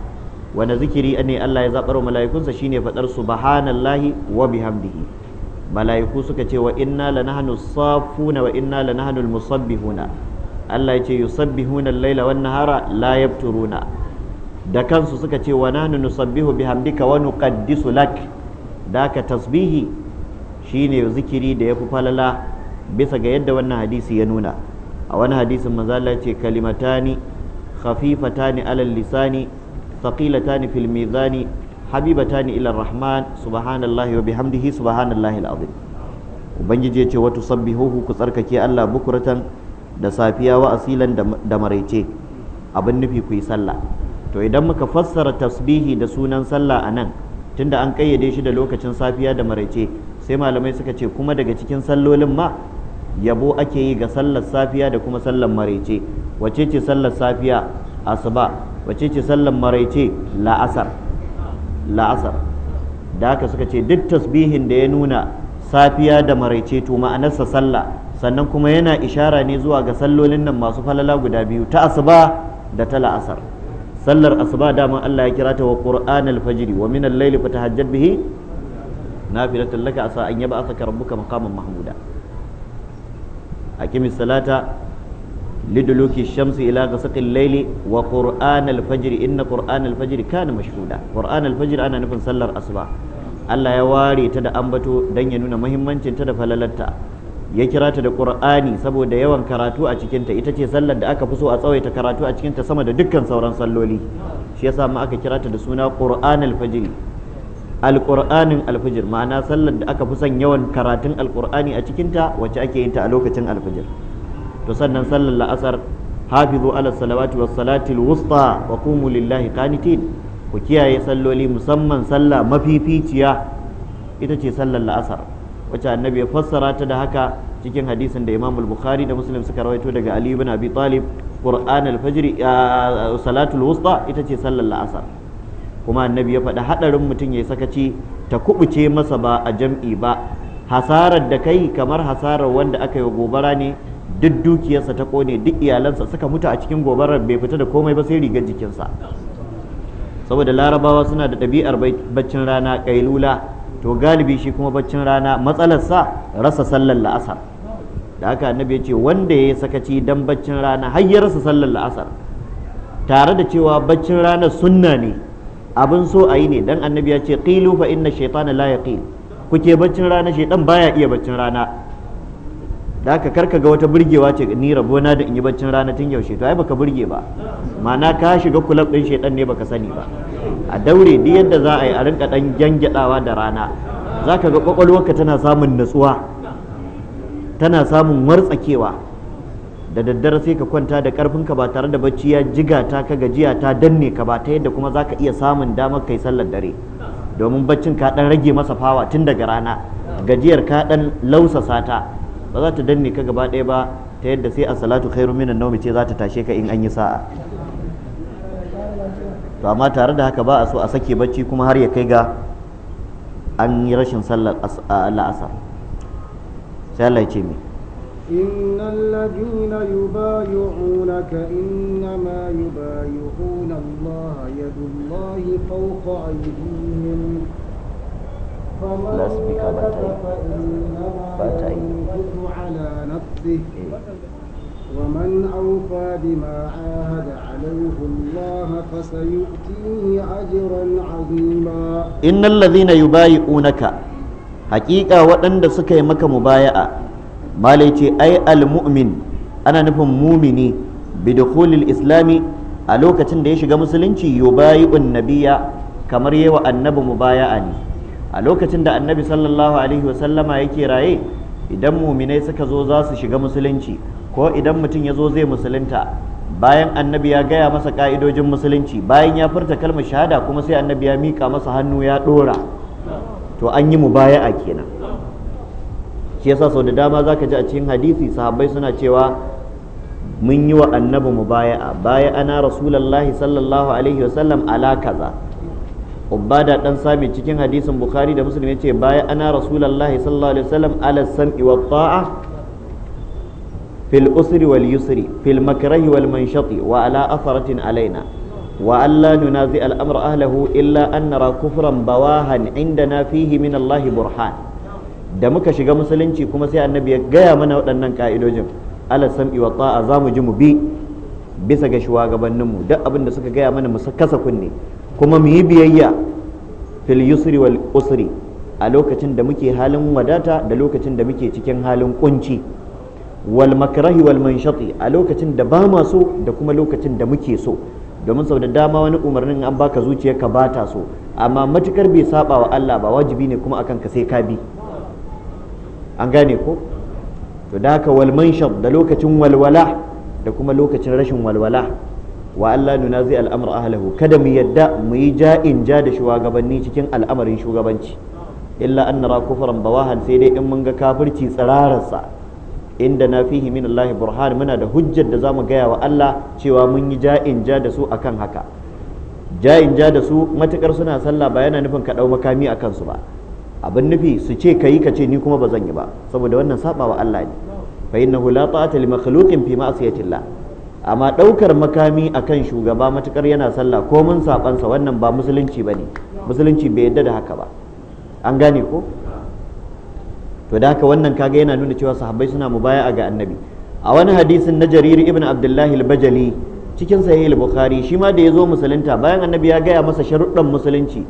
wani zikiri ne Allah ya zabar wa mala'ikunsa shine fadar subhanallahi wa bihamdihi mala'iku suka ce wa inna lanahnu safuna wa inna lanahnu musabbihuna Allah ya ce yusabbihuna al-laila wan nahara la yabturuna da kansu suka ce wa nahnu nusabbihu bihamdika wa nuqaddisu lak daka tasbihi shine zikiri da ya fi falala bisa ga yadda wannan hadisi ya nuna a wani hadisin manzala ce kalimatani khafifatani alal lisani thaqilatani fil mizani habibatani ila rahman subhanallahi wa bihamdihi subhanallahi alazim ubangiji ya ce wa tusabbihuhu ku tsarkake Allah bukuratan da safiya wa asilan da maraice abin nufi ku yi sallah to idan muka fassara tasbihi da sunan sallah a nan tunda an kayyade shi da lokacin safiya da maraice sai malamai suka ce kuma daga cikin sallolin ma yabo ake yi ga sallar safiya da kuma sallar maraice wace ce sallar safiya asuba wace ce sallar maraice la'asar la'asar da haka suka ce duk tasbihin da ya nuna safiya da maraice to ma'anarsa sallah sannan kuma yana ishara ne zuwa ga sallolin nan masu falala guda biyu ta asuba da ta la'asar sallar asuba dama Allah ya kira ta wa qur'an al-fajr wa min al-layl fatahajjad bihi nafilatan laka asa an yab'athaka rabbuka maqaman mahmuda aqimi salata liduluki shamsi ila ghasaqi al-layl wa qur'an al-fajr inna qur'an al-fajr kana mashhuda qur'an al-fajr ana nufin sallar asuba Allah ya ware ta da ambato dan ya nuna muhimmancin ta da falalarta ya kira ta da ƙur'ani saboda yawan karatu a cikinta ita ce sallar da aka fi so a tsawaita karatu a cikinta sama da dukkan sauran salloli shi yasa ma aka kira ta da suna ƙur'an alfajir alƙur'anin alfajir ma'ana sallar da aka fi son yawan karatun alƙur'ani a cikinta wacce ake yin ta a lokacin alfijir to sannan sallar la'asar hafizu ala salawati wa salati wusta wa kumu lillahi qanitin ku kiyaye salloli musamman sallah mafificiya ita ce sallar la'asar wacce annabi ya fassara ta da haka cikin hadisin da imamul bukhari da muslim suka rawaito daga ali ibn abi talib qur'an al-fajr salatul wusta ita ce sallar la'asar kuma annabi ya faɗa hadarin mutum ya sakaci ta kubuce masa ba a jam'i ba hasarar da kai kamar hasarar wanda aka yi gobara ne duk dukiyarsa ta kone duk iyalansa suka mutu a cikin gobarar bai fita da komai ba sai rigar jikinsa saboda larabawa suna da ɗabi'ar baccin rana kailula to galibi shi kuma baccin rana matsalarsa rasa sallar la'asar da haka annabi ya ce wanda ya yi sakaci dan baccin rana har ya rasa sallar la'asar tare da cewa baccin rana sunna ne abin so a yi ne dan annabi ya ce qilu fa inna shaytana la yaqil kuke baccin rana shaytan baya iya baccin rana da haka karka ga wata burgewa ce ni rabona da in yi baccin rana tun yaushe to ai baka burge ba ma'ana ka shiga kulab din shedan ne baka sani ba a daure duk yadda za a yi a rinka dan gyangyadawa da rana zaka ga kwakwalwarka tana samun natsuwa tana samun wartsakewa da daddare sai ka kwanta da ka ba tare da bacci ya jiga ta ka gajiya ta danne ka ba ta yadda kuma zaka iya samun damar kai sallar dare domin baccin ka dan rage masa fawa tun daga rana gajiyar ka dan lausasa ta ba za ta danne ka gaba ɗaya ba ta yadda sai a salatu khairu minan naumi ce za ta tashe ka in an yi sa'a to amma tare da haka ba a so a sake bacci kuma har ya kai ga an yi rashin sallar la'asar sai Allah ya ce mi إن الذين يبايعونك إنما يبايعون الله يد الله فوق أيديهم Inna lalzi na yi bayi unaka, waɗanda suka yi maka mu baya a, Ai al-mu’min, ana nufin mumini, bidikulil islami a lokacin da ya shiga musulunci yi Nabiya kamar yawa annabi mu baya ne. a lokacin da annabi sallallahu alaihi wasallama yake raye idan muminai suka zo za su shiga musulunci ko idan mutum ya zo zai musulunta bayan annabi ya gaya masa ka'idojin musulunci bayan ya furta kalmar shahada kuma sai annabi ya mika masa hannu ya ɗora to an yi mu baya a kenan shi yasa sau da dama zaka ji a cikin hadisi sahabbai suna cewa mun yi wa annabi mu baya a baya ana rasulullahi sallallahu alaihi wasallam ala kaza ubada dan sami cikin hadisin bukhari da muslim yace baya ana rasulullahi sallallahu alaihi wasallam ala sam'i wa ta'a fil usri wal yusri fil makrahi wal manshati wa ala atharatin alaina wa alla nunazi al amra ahlihi illa an nara kufran bawahan indana fihi min Allah burhan da muka shiga musulunci kuma sai annabi ya gaya mana waɗannan ka'idojin ala sam'i wa ta'a zamu ji mu bi bisa ga shugabanninmu duk abin da suka gaya mana mu kasa kunne kuma mu yi biyayya fil yusri wal usri a lokacin da muke halin wadata da lokacin da muke cikin halin kunci wal makrahi wal manshati a lokacin da ba ma so da kuma lokacin da muke so domin sau da dama wani umarnin an baka zuciya ka ba ta so amma matukar bai saba wa Allah ba wajibi ne kuma akan ka sai ka bi an gane ko to da ka wal manshab da lokacin walwala da kuma lokacin rashin walwala wa Allah nuna zai al'amur ahlahu kada mu yadda mu yi ja'in ja da shugabanni cikin al'amarin shugabanci illa an nara kufran bawahan sai dai in mun ga kafirci tsirararsa inda na fihi min Allah burhan muna da hujjar da zamu gaya wa Allah cewa mun yi ja'in ja da su akan haka ja'in ja da su matukar suna sallah ba yana nufin ka ɗau makami a kansu ba abin nufi su ce ka yi ka ce ni kuma ba zan yi ba saboda wannan sabawa Allah ne fa innahu la ta'ata li makhluqin fi ma'siyatillah amma ɗaukar makami akan shugaba matukar yana sallah ko mun sabansa wannan ba musulunci ba ne musulunci bai yadda da haka ba an gane ko to da haka wannan kaga yana nuna cewa sahabbai suna a ga annabi a wani hadisin na jarir ibn abdullahi al-bajali cikin sahih al-bukhari shi ma da yazo musulunta bayan annabi ya gaya masa sharuɗan musulunci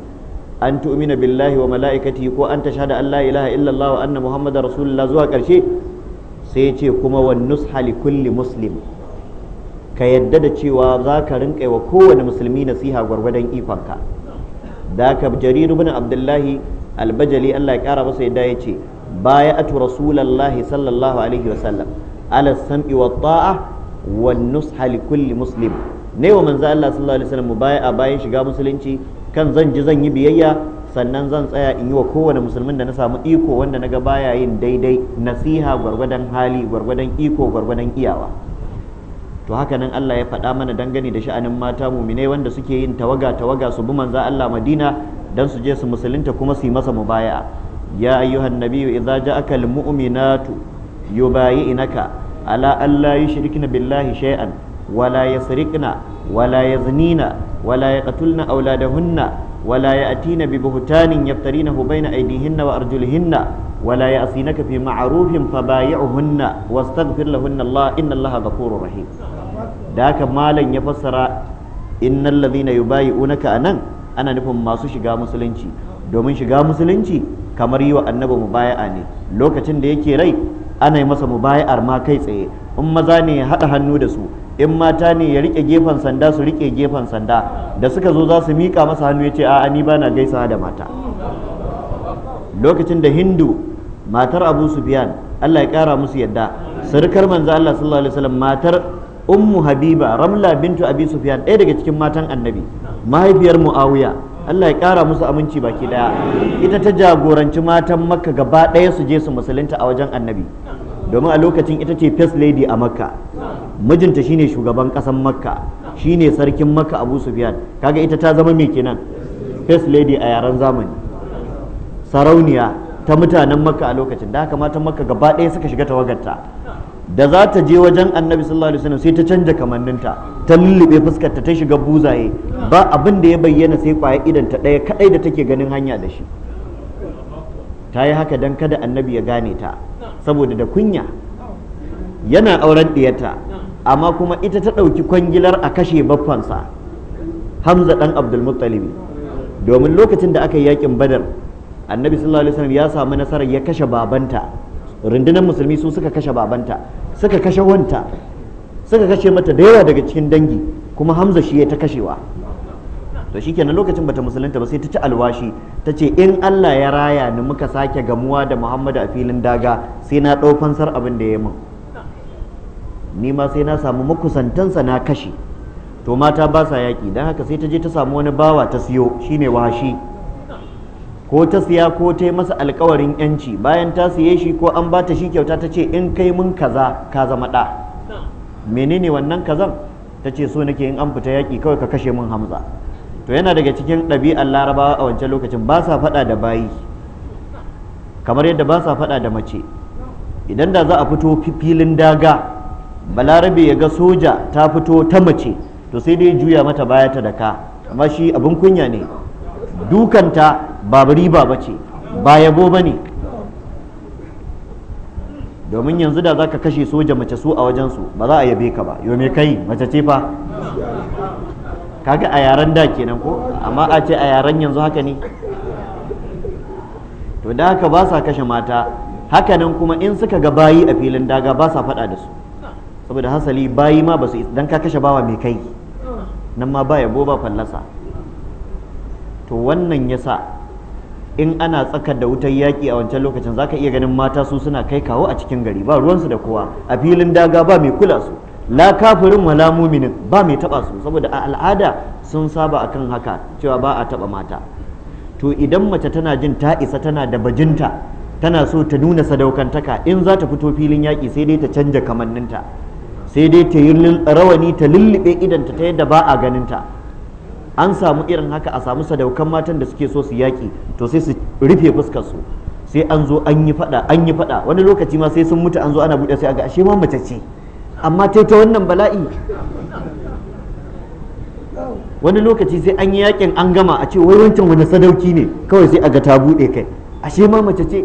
an tu'mina billahi wa mala'ikatihi ko an tashhada an la ilaha illallah wa anna muhammadar rasulullah zuwa karshe sai ya ce kuma wan nusha li kulli muslim ka yadda da cewa za ka rinka wa kowane musulmi nasiha gwargwadon ikonka da ka jariru bin abdullahi albajali allah ya kara masa yadda ya ce baya atu rasulallahi sallallahu alaihi wasallam ala sam'i wa ta'a wa nusha li kulli muslim ne wa manzo allah sallallahu alaihi wasallam baya a bayan shiga musulunci kan zan ji zan yi biyayya sannan zan tsaya in yi wa kowane musulmin da na samu iko wanda na ga baya yin daidai nasiha gwargwadon hali gwargwadon iko gwargwadon iyawa to haka nan Allah ya faɗa mana dangane da sha'anin mata muminai wanda suke yin tawaga tawaga su bi manza Allah Madina dan su je su musulunta kuma su yi masa mubaya ya ayyuhan nabiyyu idza ja'aka almu'minatu yubayyinaka ala alla yushrikna billahi shay'an wala yasrikna wala yaznina wala yaqtulna auladahunna ولا يأتين ببهتان يفترينه بين أيديهن وأرجلهن ولا يأسينك في معروف فبايعهن واستغفر لهن الله إن الله غفور رحيم ذاك مالا يفسر إن الذين يبايعونك أنا أنا نفهم ما سوشي شجع مسلنشي domin shiga musulunci kamar yi wa annabi mubaya'a ne lokacin da yake rai ana yi masa mubaya'ar ma kai tsaye in maza ne ya haɗa hannu da su in mata ne ya rike gefen sanda su rike gefen sanda da suka zo za su miƙa masa hannu ya ce a'a ni ba na gaisawa da mata lokacin da hindu matar abu biyan allah ya ƙara musu yadda sarkar manzo allah sallallahu alaihi wasallam matar ummu habiba ramla bintu abi daya ɗaya daga cikin matan annabi mahaifiyar muawiya Allah ya ƙara musu aminci baki ɗaya ita ta jagoranci matan makka gaba ɗaya su je su musulunta a wajen annabi domin a lokacin ita ce first lady a makka mijinta shine shugaban kasan makka shine sarkin makka abu sufyan kaga ita ta zama mai kenan first lady a yaren zamani sarauniya ta mutanen makka a lokacin da haka matan makka gaba ɗaya suka shiga tawagarta da za ta je wajen annabi sallallahu alaihi wasallam sai ta canja kamanninta ta lullube fuskar ta ta shiga buzaye ba abin da ya bayyana sai kwaya idan ta ɗaya kaɗai da take ganin hanya da shi ta yi haka don kada annabi ya gane ta saboda da kunya yana auren ɗiyarta amma kuma ita ta ɗauki kwangilar a kashe baffansa hamza ɗan abdulmuttalibi domin lokacin da aka yi yakin badar annabi sallallahu alaihi wasallam ya samu nasarar ya kashe babanta rundunar musulmi su suka kashe babanta suka kashe wanta suka kashe mata da yawa daga cikin dangi kuma hamza shi ya ta kashewa to shikenan lokacin bata musulunta ba sai ta ci alwashi ta ce in Allah ya raya ni muka sake gamuwa da Muhammadu a filin daga sai na ɗau fansar abin da ya min ni ma sai na samu makusantansa na kashe to mata ba sa yaƙi don haka sai ta je ta samu wani bawa ta siyo shine washi ko ta siya ko ta yi masa alkawarin yanci bayan ta siye shi ko an ba ta shi kyauta ta ce in kai mun kaza ka zama ɗa menene wannan kazan ta ce so nake in an fita yaƙi kawai ka kashe mun hamza to yana daga cikin ɗabi'ar larabawa a wancan lokacin ba sa faɗa da bayi kamar yadda ba sa faɗa da mace idan da za a fito filin daga balarabe ya ga soja ta fito ta mace to sai dai juya mata baya ta daka amma shi abin kunya ne dukanta ba riba ba ce ba yabo ba ne domin yanzu da za ka kashe soja mace su a wajensu ba za a yabe ka ba yau kai mace ce fa kaga a yaren da kenan ko amma a ce a yaren yanzu haka ne to da haka ba sa kashe mata haka nan kuma in suka ga bayi a filin daga ba sa faɗa da su saboda hasali bayi ma ba su dan ka kashe bawa mai kai nan ma ba ya ba fallasa to wannan ya sa in ana tsakar da wutar yaƙi a wancan lokacin za ka iya ganin mata su suna kai kawo a cikin gari ba ruwansu da kowa a filin daga ba mai kula su la kafirin wala muminin ba mai taba su saboda a al'ada sun saba akan haka cewa ba a taba mata to idan mace tana jin ta isa tana da bajinta tana so ta nuna sadaukantaka in za ta fito filin yaƙi sai dai ta canja kamanninta sai dai ta yi rawani ta lullube idanta ta yadda ba a ganinta an samu irin haka a samu sadaukan matan da suke so su yaƙi to sai su rufe fuskar su sai an zo an yi fada an yi fada wani lokaci ma sai sun mutu an zo ana buɗe sai a ga ashe ma mace ce amma ta ta wannan bala'i wani lokaci sai an yi yakin an gama a ce wai wancan wani sadauki ne kawai sai a ga ta buɗe kai ashe ma mace ce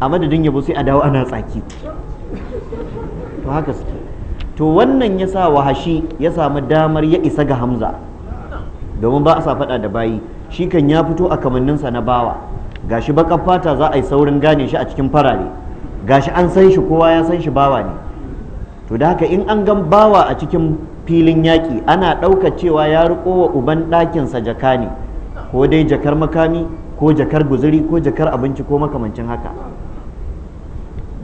a madadin yabo sai a dawo ana tsaki to haka suke to wannan ya sa wahashi ya samu damar ya isa ga hamza domin ba a sa faɗa da bayi shi kan ya fito a kamanninsa na bawa gashi baƙar fata za a yi saurin gane shi a cikin farare gashi an san shi kowa ya san shi bawa ne to da haka in an gan bawa a cikin filin yaƙi ana ɗaukar cewa ya riƙo wa uban ɗakinsa jaka ne ko dai jakar makami ko jakar guzuri ko jakar abinci ko makamancin haka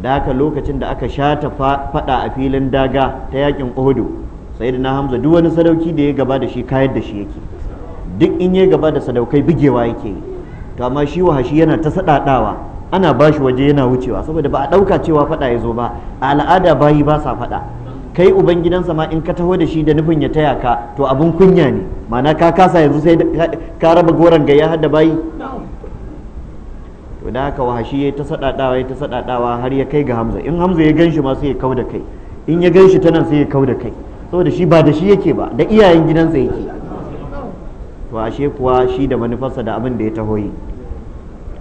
da haka lokacin da aka shata faɗa a filin daga ta yaƙin odo sai na hamza duk wani sadauki da ya gaba da shi kayar da shi yake duk in ya gaba da sadaukai bigewa yake to amma shi wahashi yana ta saɗaɗawa ana ba shi waje yana wucewa saboda ba a ɗauka cewa faɗa ya zo ba a al'ada bayi ba sa faɗa kai uban gidansa ma in ka taho da shi da nufin ya taya ka to abin kunya ne ma'ana ka kasa yanzu sai ka raba goron ga har da bayi to da haka wahashi ya ta saɗaɗawa ya ta saɗaɗawa har ya kai ga hamza in hamza ya gan shi ma sai ya kau da kai in ya gan shi ta nan sai ya kau da kai saboda shi ba da shi yake ba da iyayen gidansa yake to ashe kuwa shi da manufarsa da abin da ya taho yi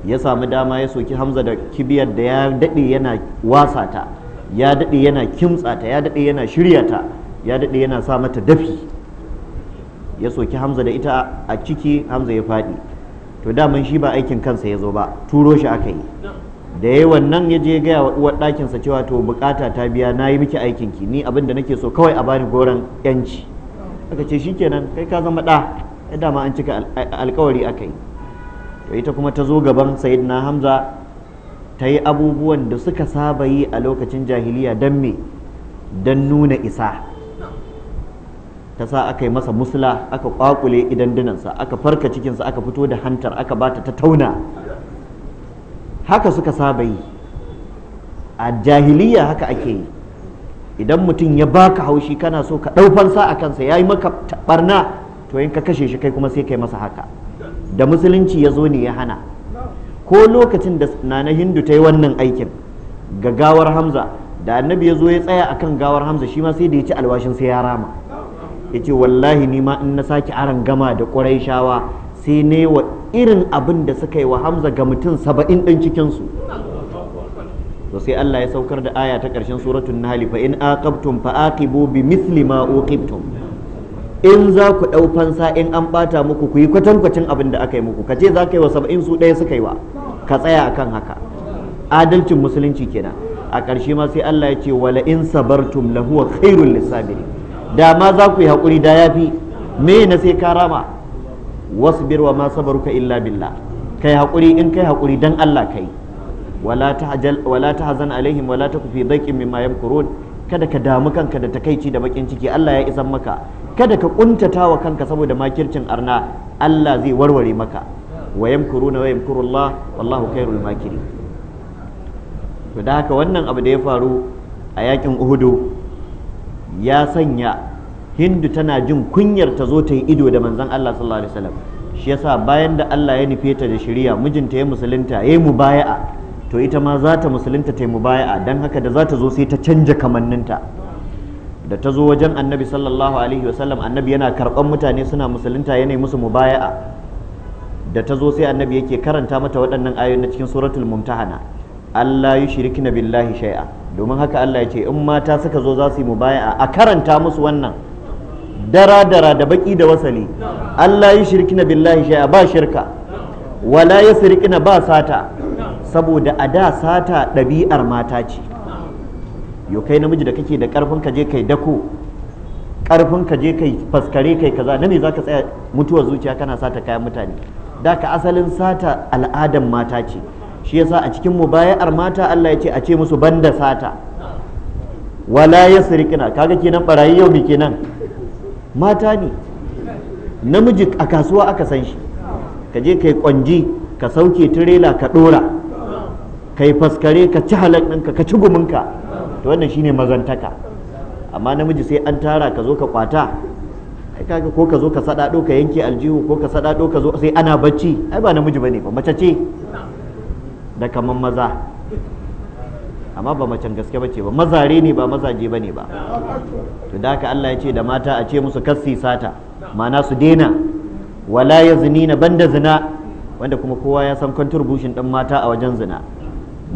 ya samu dama ya soki hamza da kibiyar da ya daɗe yana wasa ta ya daɗe yana kimtsa ta ya daɗe yana shirya ta ya daɗe yana sa mata dafi ya soki hamza da ita a ciki hamza ya faɗi to daman shi ba aikin kansa ya zo ba turo shi aka yi da yai wannan ya je gaya wa uwar ɗakinsa cewa to bukata ta biya na yi miki aikinki ni abin da nake so kawai a bani goron yanci aka ce shi kenan kai ka zama ɗa dama an cika alkawari aka yi to ita kuma ta zo gaban sayyidina hamza ta yi abubuwan da suka saba yi a lokacin jahiliya don me don nuna isa ta sa aka yi masa musula aka kwakule idandunansa aka farka cikinsa aka fito da hantar aka bata ta tauna haka suka saba yi a jahiliya haka ake yi idan mutum ya baka haushi kana so ka ɗaufansa a kansa ya yi maka barna to in ka kashe shi kai kuma sai kai masa haka da musulunci ya zo ne ya hana ko lokacin da nana hindu ta yi wannan aikin ga gawar hamza da annabi ya zo ya tsaya akan gawar hamza shi ma sai da ya ci alwashin sai ya rama ya ce wallahi ni ma in na sake aran gama da ƙwarai shawa sai ne wa irin abin da suka yi wa hamza ga mutum saba'in ɗin cikinsu to sai Allah ya saukar da aya ta ƙarshen suratun nahli fa in aqabtum fa aqibu bi mithli ma uqibtum in za ku ɗau fansa in an ɓata muku ku yi kwatankwacin abin da aka yi muku ka ce za ka yi wa saba'in su ɗaya suka yi wa ka tsaya a kan haka adalcin musulunci kenan a ƙarshe ma sai Allah ya ce wala in sabartum la huwa khairul lisabiri da ma za ku yi haƙuri da yafi me na sai ka rama wasbir wa ma sabaruka illa billah kai haƙuri in kai haƙuri dan Allah kai wala tahjal wala tahzan alaihim wala taku fi mimma yamkurun kada ka damu kanka da takaici da bakin ciki Allah ya isan maka kada ka kuntata wa kanka saboda makircin arna Allah zai warware maka wa na wa Allah wallahu khairul makiri to da haka wannan abu da ya faru a yakin Uhudu ya sanya Hindu tana jin kunyar ta zo ta yi ido da manzon Allah sallallahu alaihi wasallam shi yasa bayan da Allah ya nufe ta da shiriya mijinta ya musulunta ya yi mubaya'a to ita ma za ta musulunta ta yi mubaya'a dan haka da za ta zo sai ta canja kamanninta da ta zo wajen annabi sallallahu alaihi wasallam annabi yana karɓan mutane suna musulunta yana musu mubaya'a da ta zo sai annabi yake karanta mata waɗannan ayoyi na cikin suratul mumtahana Allah yi na billahi shaia domin haka Allah ya ce in mata suka zo za su yi mubaya'a a karanta musu wannan dara dara da baki da wasali Allah yi na billahi shaia ba shirka wala ya sirikina ba sata saboda a da sata ɗabi'ar mata ce yaukai kai namiji da kake da karfin ka je kai dako karfin ka je kai faskare kai kaza na me zaka tsaya mutuwar zuciya kana sata kayan mutane da ka asalin sata al'adan mata ce shi yasa a cikin mubayar mata Allah ya ce a ce musu banda sata wala yasriqna kaga kenan barayi yau bi kenan mata ne namiji a kasuwa aka san shi ka je kai kwanji ka sauke tirela ka dora kai faskare ka ci halak ɗinka ka ci guminka to wannan shine mazantaka amma namiji sai an tara ka zo ka kwata ai kaga ko ka zo ka sadado ka yanke aljihu ko ka sadado ka zo sai ana bacci ai ba namiji bane ba mace ce da kaman maza amma ba macen gaske bace ba mazare ne ba mazaje bane ba to da haka Allah ya ce da mata a ce musu kassi sata ma'ana su dena wala yaznina banda zina wanda kuma kowa ya san contribution din mata a wajen zina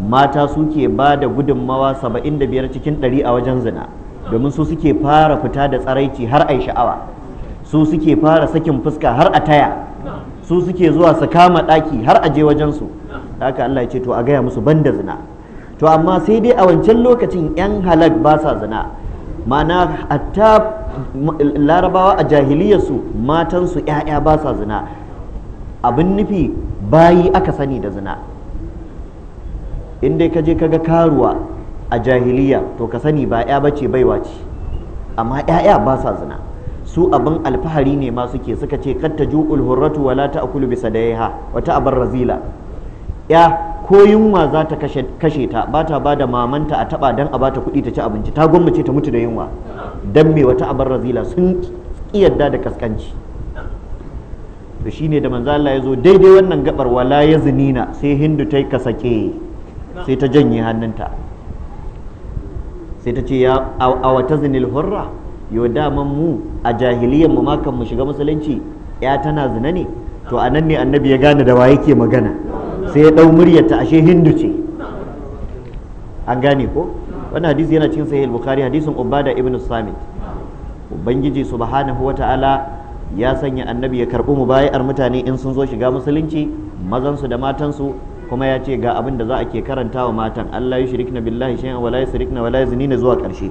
mata suke ba da gudunmawa saba'in da biyar cikin ɗari a wajen zina domin su suke fara fita da tsaraici har a sha'awa su suke fara sakin fuska har a taya su suke zuwa su kama ɗaki har a je wajensu haka Allah ya ce to a gaya musu banda zina to amma sai dai a wancan lokacin 'yan halak ba sa zina ma'ana hatta larabawa a jahiliyarsu matansu 'ya'ya ba sa zina abin nufi bayi aka sani da zina in dai ka je kaga karuwa a jahiliya to ka sani ba ya bace baiwa ce amma ya'ya ba sa zina su abin alfahari ne ma suke suka ce katta ju'ul hurratu wala ta'kulu bi sadaiha wa ta'bar razila ya ko yunwa za ta kashe ta ba ta ba da mamanta a taba dan a bata kuɗi ta ci abinci ta gwammace ta mutu da yunwa dan me wata abar razila sun kiyarda da kaskanci to shine da manzo Allah ya zo daidai wannan gabar wala ya zinina sai hindu tai kasake sai ta janye hannunta sai ta ce ya awata zinil hurra yau daman mu a jahiliyar mu makan mu shiga musulunci ya tana zina ne to a nan ne annabi ya gane da wa yake magana sai ya ɗau muryarta ashe hindu ce an gane ko wani hadisi yana cikin sahih bukhari hadisin ubada ibn samit ubangiji subhanahu wata'ala ya sanya annabi ya karɓi mubayar mutane in sun zo shiga musulunci mazansu da matansu kuma ya ce ga abin da za a ke karanta wa matan Allah yushrikna billahi shay'an wala yusrikna wala yaznina zuwa ƙarshe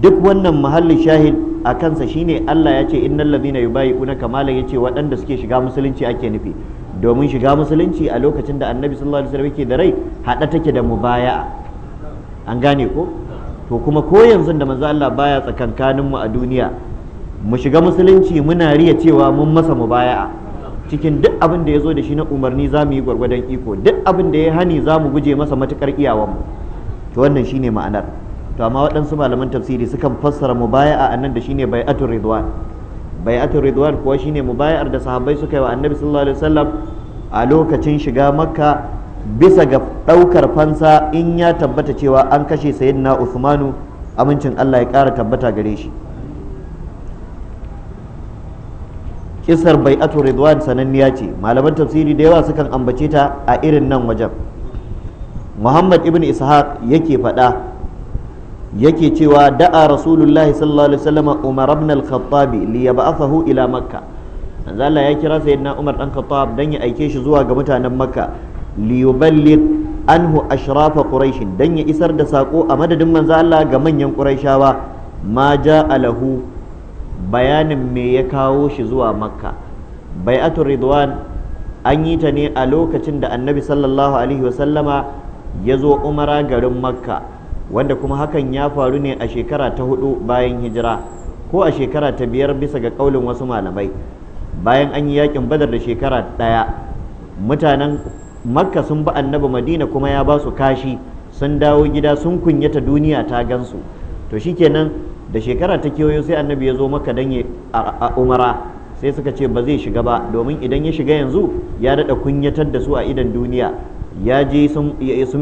duk wannan mahalli shahid a kansa shine Allah ya ce innal ladhina yubayi'unaka kamala yace waɗanda suke shiga musulunci ake nufi domin shiga musulunci a lokacin da annabi sallallahu alaihi wasallam yake da rai hada take da mubaya'a an gane ko to kuma ko yanzu da manzo Allah baya tsakankaninmu a duniya mu shiga musulunci muna riya cewa mun masa mubaya'a cikin duk abin da ya zo da shi na umarni za mu yi gwargwadon iko duk abin da ya hani za mu guje masa matukar iyawanmu to wannan shine ma'anar to amma waɗansu malaman tafsiri sukan fassara mubaya'a annan da shine bai'atul ridwan bai'atul ridwan kuwa shine mubaya'ar da sahabbai suka yi wa annabi sallallahu alaihi wasallam a lokacin shiga makka bisa ga ɗaukar fansa in ya tabbata cewa an kashe sayyidina usmanu amincin Allah ya ƙara tabbata gare shi kisar bai'atu ridwan sananniya ce malaman tafsiri da yawa sukan ambace ta a irin nan wajen muhammad ibn ishaq yake faɗa yake cewa da'a rasulullahi sallallahu alaihi wasallam umar ibn al-khattab li yab'athahu ila makka manzo Allah ya kira sayyidina umar dan khattab dan ya aike shi zuwa ga mutanen makka li yuballigh anhu ashrafa quraish dan ya isar da sako a madadin manzo Allah ga manyan quraishawa ma ja'a bayanin me ya kawo shi zuwa makka bai bai'atul ridwan an yi ta ne a lokacin da annabi sallallahu alaihi wasallama ya zo umara garin makka wanda kuma hakan ya faru ne a shekara ta hudu bayan hijira ko a shekara ta biyar bisa ga kaulin wasu malamai bayan an yi yakin badar da shekara ɗaya mutanen makka sun bi annabi madina kuma ya ba su kashi sun dawo gida sun kunyata duniya ta gansu to shikenan da shekara ta kewayo sai annabi ya zo maka dan a umara sai suka ce ba zai shiga ba domin idan ya shiga yanzu ya daɗa kunyatar da su a idan duniya ya je sun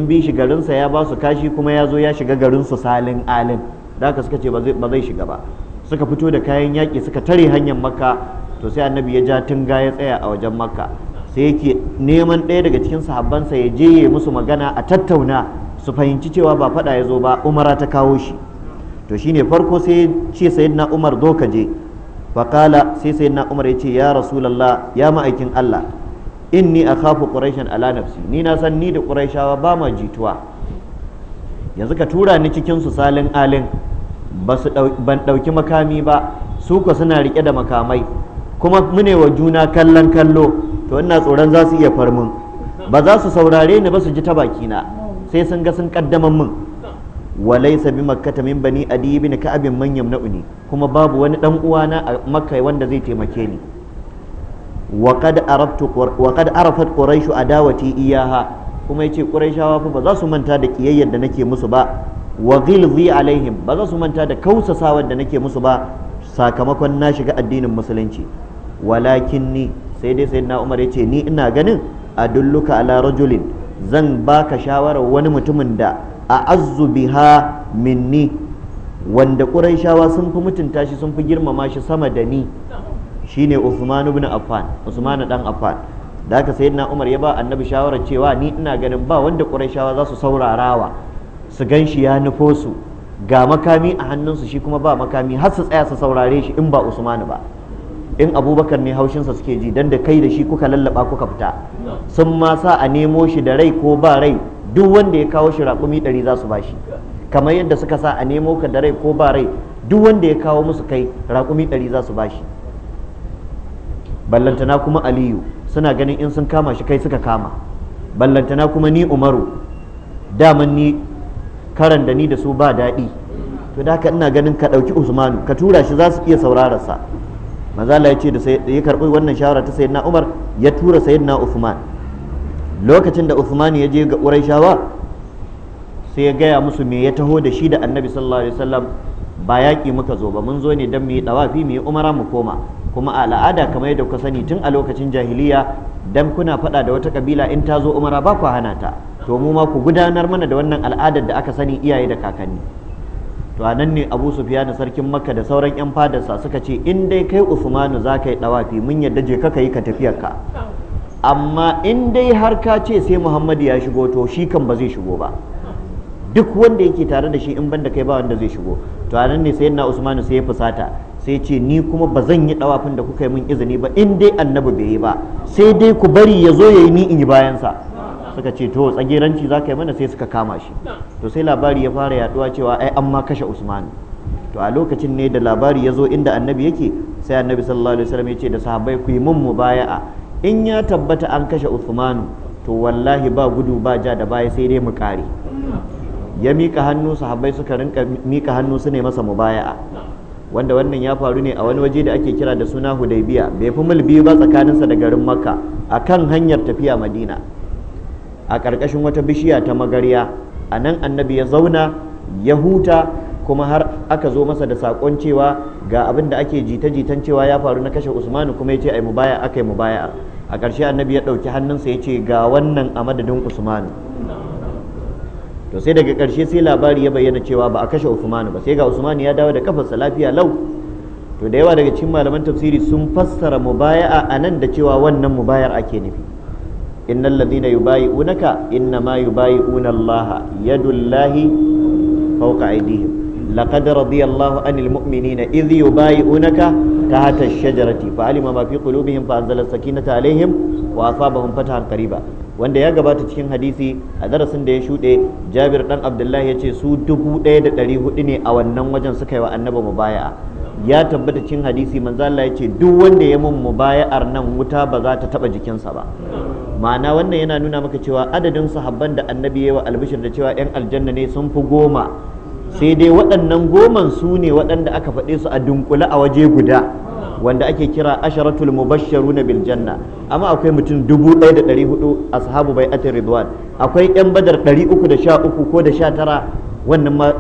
bi shi garinsa ya ba su kashi kuma ya zo ya shiga garinsa salin alin da haka suka ce ba zai shiga ba suka fito da kayan yaƙi suka tare hanyar makka to sai annabi ya ja tunga ya tsaya a wajen makka sai yake neman ɗaya daga cikin sahabbansa ya je ya musu magana a tattauna su fahimci cewa ba faɗa ya zo ba umara ta kawo shi to shine farko sai ce sayyidina Umar zo ka je faƙala sai sayyidina Umar ya ce ya rasulallah ya ma'aikin Allah inni akhafu quraishan ala nafsi ni na san ni da quraishawa ba ma jituwa yanzu ka tura ni cikin su salin alin ban ɗauki makami ba su ko suna riƙe da makamai kuma mune wa juna kallon kallo to ina tsoron za su iya farmin ba za su saurare ni ba su ji ta bakina sai sun ga sun kaddamar min wa laysa bi makkata min bani adi ibn ka'ab man yamna'uni kuma babu wani dan uwana a makka wanda zai taimake ni wa qad arabtu wa qad arafat quraish adawati iyaha kuma yace quraishawa fa ba za su manta da kiyayyar da nake musu ba wa ghilzi alaihim ba za su manta da kausasawar da nake musu ba sakamakon na shiga addinin musulunci walakin ni sai dai sai na umar ya ce ni ina ganin a dulluka ala rajulin zan baka shawarar wani mutumin da azu biha minni wanda ƙuraishawa sun fi mutunta shi sun fi girmama shi sama da ni shine usman ibn Affan Uthman dan Affan da haka sayyidina Umar ya ba annabi shawarar cewa ni ina ganin ba wanda ƙurayshawa za su wa su gan shi ya nufo su ga makami a hannunsu shi kuma ba makami har su tsaya su saurare shi in ba Usmanu ba in abubakar ne haushinsa suke ji dan da kai da shi kuka lallaba kuka fita sun ma sa a nemo shi da rai ko ba rai duk wanda ya kawo shi raƙumi ɗari za su bashi kamar yadda suka sa a nemo ka da rai ko ba rai duk wanda ya kawo musu kai raƙumi ɗari za su bashi ballantana kuma aliyu suna ganin in sun kama shi kai suka kama ballantana kuma ni umaru daman ni karan da ni da su ba daɗi to da haka ina ganin ka ɗauki usmanu ka tura shi za su iya saurararsa mazala ya ce da ya karɓi wannan shawara ta sayyidina umar ya tura sayyidina usman lokacin da usman ya je ga shawa sai ya gaya musu me ya taho da shi da annabi sallallahu alaihi wasallam ba yaƙi muka zo ba mun zo ne don mu yi ɗawafi mu yi umara mu koma kuma a al'ada kamar yadda kuka sani tun a lokacin jahiliya dan kuna faɗa da wata kabila in ta zo umara ba ku hana ta to mu ma ku gudanar mana da wannan al'adar da aka sani iyaye da kakanni to a nan ne abu sufiyanu sarkin makka da sauran yan fadarsa suka ce in dai kai usmanu za ka yi dawafi mun yadda je ka yi ka tafiyarka amma in dai har ka ce sai muhammadu ya shigo to shi kan ba zai shigo ba duk wanda yake tare da shi in banda kai ba wanda zai shigo to a nan ne sayyidina usmanu sai ya fusata sai ce ni kuma ba zan yi dawafin da kuka yi min izini ba in dai annabi bai yi ba sai dai ku bari ya zo ya yi ni in yi bayansa suka ce to tsageranci za ka yi mana sai suka kama shi to sai labari ya fara yaduwa cewa ai an ma kashe usmanu to a lokacin ne da labari ya zo inda annabi yake sai annabi sallallahu alaihi wasallam ya ce da sahabbai ku yi mun mubaya'a in ya tabbata an kashe usmanu to wallahi ba gudu ba ja da baya sai dai mu kare ya mika hannu sahabbai suka rinka mika hannu su ne masa mubaya'a wanda wannan ya faru ne a wani waje da ake kira da suna hudaibiya bai fi mil biyu ba tsakaninsa da garin makka kan hanyar tafiya madina a ƙarƙashin wata bishiya ta magarya a nan annabi ya zauna ya huta kuma har aka zo masa da saƙon cewa ga abin da ake jita-jitan cewa ya faru na kashe usmanu kuma ya ce yi mubaya aka yi mubaya a ƙarshe annabi ya ɗauki hannunsa ya ce ga wannan a madadin usmanu to sai daga ƙarshe sai labari ya bayyana cewa ba a kashe usmanu ba sai ga usmanu ya dawo da kafarsa lafiya lau to da yawa daga cikin malaman tafsiri sun fassara mubaya a nan da cewa wannan mubayar ake nufi الذين يبايعونك إنما يبايعون الله يد الله فوق aydihim لقد رضي الله عن المؤمنين إذ يبايعونك تحت الشجرة فعلم ما في قلوبهم فأنزل السكينة عليهم وأصابهم فتحا قريبا wanda ya gabata cikin hadisi a darasin da ya shuɗe jabir ɗan abdullahi ya ce su dubu ɗaya da ɗari hudu ne a wannan wajen suka yi wa annaba mubaya'a ya tabbata cikin hadisi manzo ya ce duk wanda ya mun mubaya'ar nan wuta ba za ta taɓa jikinsa ba ma'ana wannan yana nuna maka cewa adadin sahabban da annabi yawa albishir da cewa 'yan aljanna ne sun fi goma sai dai waɗannan goman su ne waɗanda aka faɗe su a dunkule a waje guda wanda ake kira asharatul mubasharu na biljanna amma akwai mutum dubu ɗaya da ɗari hudu a sahabu bai atin ridwan akwai 'yan badar ɗari uku da sha uku ko da sha tara wannan ma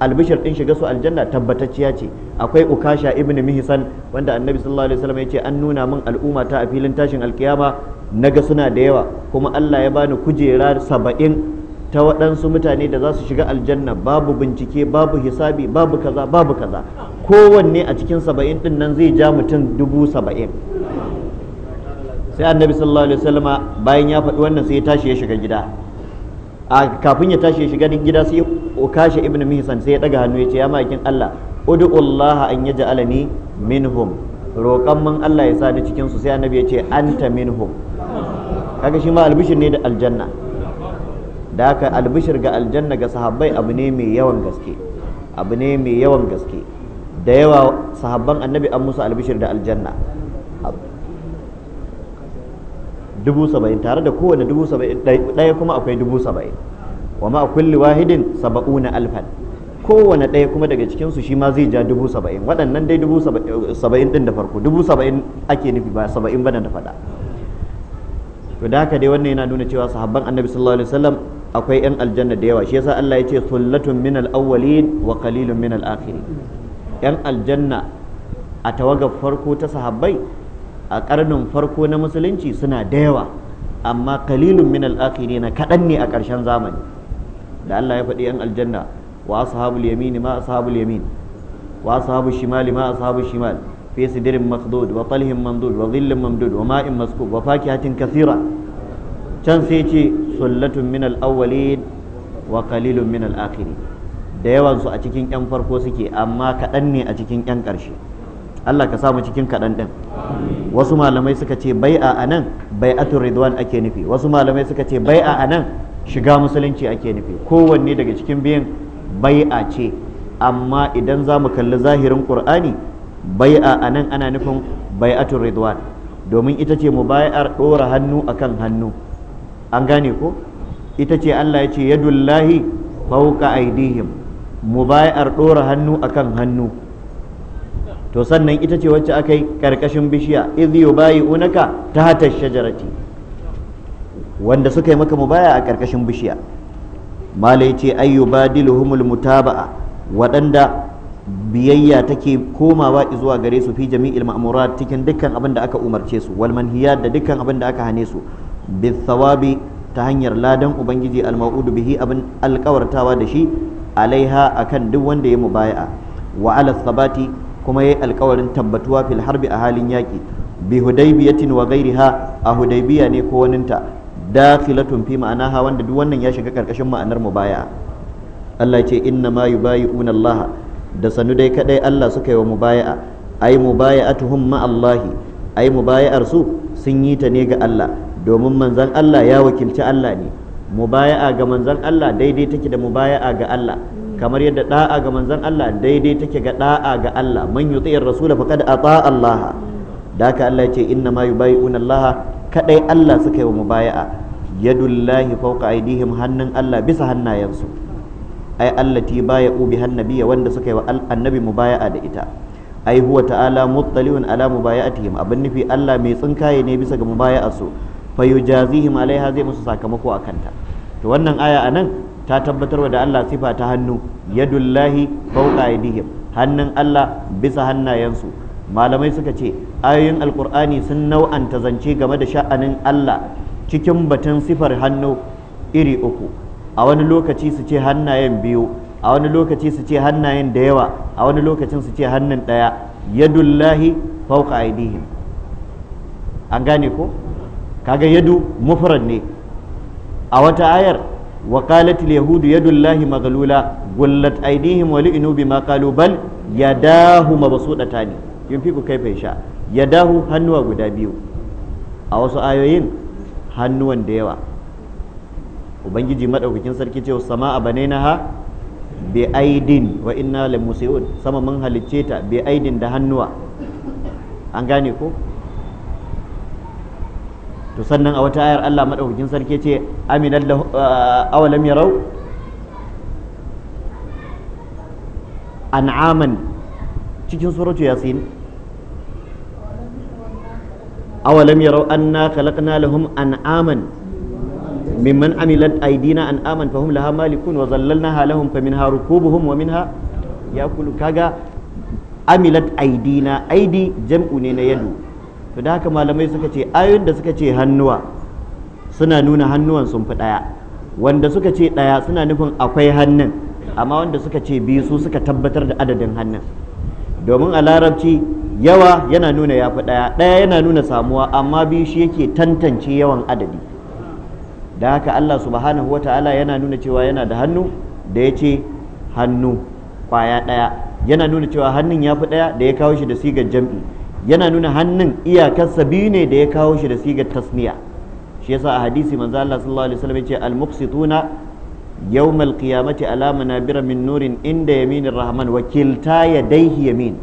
albishir ɗin shiga su aljanna tabbatacciya ce akwai ukasha ibn mihsan wanda annabi sallallahu alaihi wasallam ya ce an nuna min al'umma ta a filin tashin alkiyama na ga suna da yawa kuma Allah ya bani kujera saba'in ta waɗansu mutane da za su shiga aljanna babu bincike babu hisabi babu kaza babu kaza kowanne a cikin saba'in ɗin nan zai ja mutum dubu saba'in sai annabi sallallahu alaihi wasallam bayan ya faɗi wannan sai ya tashi ya shiga gida a kafin ya tashi ya shiga gida sai ukasha ibnu mihsan sai ya ɗaga hannu ya ce ya ma'aikin Allah ud'u Allah an yaj'alani minhum roƙon man Allah ya sa ni cikin su sai annabi ya ce anta minhum kaga shi ma albishir ne da aljanna da haka albishir ga aljanna ga sahabbai abu ne mai yawan gaske abu ne mai yawan gaske da yawa sahabban annabi an musu albishir da aljanna dubu saba'in tare da kowane dubu saba'in ɗaya kuma akwai dubu saba'in wa ma kulli wahidin saba'una alfan kowane ɗaya kuma daga cikinsu shi ma zai ja dubu saba'in waɗannan dai dubu eh, saba'in ɗin da farko dubu saba'in ake nufi ba saba'in bana da faɗa to da haka dai wannan yana nuna cewa sahabban annabi sallallahu alaihi wasallam akwai yan aljanna da yawa shi yasa Allah ya ce sullatun min al-awwalin wa qalilun min al-akhirin yan aljanna a tawagar farko ta sahabbai a karnin farko na musulunci suna da yawa amma qalilun min al-akhirin kaɗan ne a ƙarshen zamani da Allah ya faɗi yan aljanna wa ashabul yamin ma ashabul yamin wa ashabul shimal ma ashabul shimal ce sullatun min al-awwalin wa qalilun min al da yawansu a cikin 'yan farko suke amma kaɗan ne a cikin 'yan karshe. Allah ka samu cikin kaɗan ɗin wasu malamai suka ce bai'a a nan bai'atul ake nufi wasu malamai suka ce bai'a a shiga musulunci ake nufi kowanne daga cikin biyan bai'a ce amma idan za mu kalli zahirin ƙur'ani bai'a a nan ana nufin bai'atul ridwan domin ita ce mu bai'ar ɗora hannu akan hannu an gane ko ita ce Allah ya ce yadullahi fauka aidihim mu bai'ar ɗora hannu akan hannu to sannan ita ce wacce aka yi ƙarƙashin bishiya bayi unaka ta hatar shajarati wanda suka yi maka mubaya a ƙarƙashin bishiya malai ce humul mutaba'a waɗanda biyayya take komawa zuwa gare su fi jami'il ma'murat cikin dukkan abin da aka umarce su wal manhiyat da dukkan abin da aka hane su bi ta hanyar ladan ubangiji almaudu bihi abin alkawartawa da shi alaiha akan duk wanda ya mubaya'a wa ala sabati kuma yayi alkawarin tabbatuwa fil harbi a halin yaki bi hudaybiyatin wa ha a hudaybiya ne ko waninta dakhilatun fi ma'anaha wanda duk wannan ya shiga karkashin ma'anar mubaya Allah ce inna ma yubayi'una Allah da sanu dai kadai Allah suka yi wa mubaya'a ai mubaya'atuhum ma Allah ai mubaya'ar su sun yi ta ne ga Allah domin manzon Allah ya wakilci Allah ne mubaya'a ga manzon Allah daidai take da mubaya'a ga Allah kamar yadda da'a ga manzon Allah daidai take ga da'a ga Allah man yuti'ir rasul faqad ata Allah da haka Allah ce inna ma yubayi'una Allah kadai Allah suka yi wa mubaya'a yadullahi fawqa aydihim hannun Allah bisa hannayensu ai allati baya'u bihan nabiyya wanda suka yi wa annabi mubaya'a da ita ai huwa ta'ala muttali'un ala mubaya'atihim abin nufi Allah mai tsinkaye ne bisa ga mubaya'a su fayujazihim alaiha zai musu sakamako akan ta to wannan aya anan ta tabbatar da Allah sifa ta hannu yadullahi fawqa aydihim hannun Allah bisa hannayensu malamai suka ce ayoyin alkur'ani sun nau'anta zance game da sha'anin Allah cikin batun sifar hannu iri uku a wani lokaci su ce hannayen biyu a wani lokaci su ce hannayen da yawa a wani lokacin su ce hannun ɗaya yadullahi fauka aidihim an gane ko kaga yadu Mufran ne a wata ayar وقالت اليهود يد الله ya dahu mabasu da ta ne. بل fi ku ينفق كيف sha ya dahu hannuwa guda biyu a wasu ayoyin hannuwan da yawa ubangiji maɗaukakin sarki cewa sama a bane ha bi aidin wa inna la musiun sama mun halicce ta bi aidin da hannuwa an gane ko to sannan a wata ayar Allah maɗaukakin sarki ce aminan awalam rau an'aman cikin suratu yasin awalam yarau anna khalaqna lahum an'aman mimman amilat aydina an'aman fahum laha malikun wa zallalnaha lahum faminha rukubuhum wa minha yakulu kaga amilat aidina aidi jam'u ne na yadu to da haka malamai suka ce ayoyin da suka ce hannuwa suna nuna hannuwan sun fi ɗaya wanda suka ce ɗaya suna nufin akwai hannun amma wanda suka ce biyu su suka tabbatar da adadin hannun domin a larabci yawa yana nuna ya fi ɗaya ɗaya yana nuna samuwa amma biyu shi yake tantance yawan adadi da haka Allah subhanahu wa ta'ala yana nuna cewa yana da hannu da ya ce hannu kwaya ɗaya yana nuna cewa hannun ya fi ɗaya da ya kawo shi da sigar jam'i yana nuna hannun iyakarsa biyu ne da ya kawo shi da sigar tasniya shi yasa a hadisi manzo Allah sallallahu alaihi wasallam ya ce al yawmal qiyamati ala manabira min nurin inda yaminir rahman wakilta ya yadayhi yamin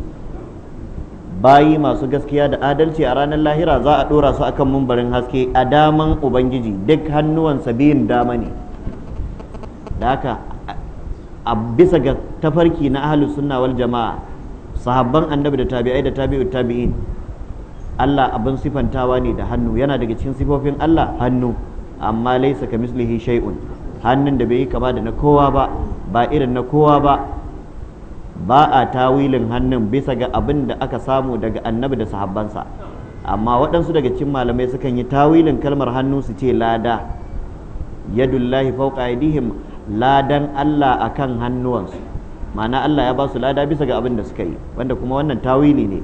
bayi masu gaskiya da adalci a ranar lahira za a ɗora su akan mumbarin haske a daman ubangiji duk hannuwansa biyun dama ne da haka a bisa ga tafarki na ahalus sunna wal jama'a sahabban annabi da tabi'ai da tabi'ut tabi'in Allah abin sifantawa ne da hannu yana daga cikin sifofin Allah hannu amma laisa ka mislihi shay'un hannun da bai yi kama da na kowa ba ba irin na kowa ba ba a tawilin hannun bisa ga abin da aka samu daga annabi da sahabbansa amma waɗansu daga cikin malamai sukan yi tawilin kalmar hannu su ce lada yadullahi fauqa aydihim ladan Allah akan hannuwansu ma'ana Allah ya ba su lada bisa ga abin da suka yi wanda kuma wannan tawili ne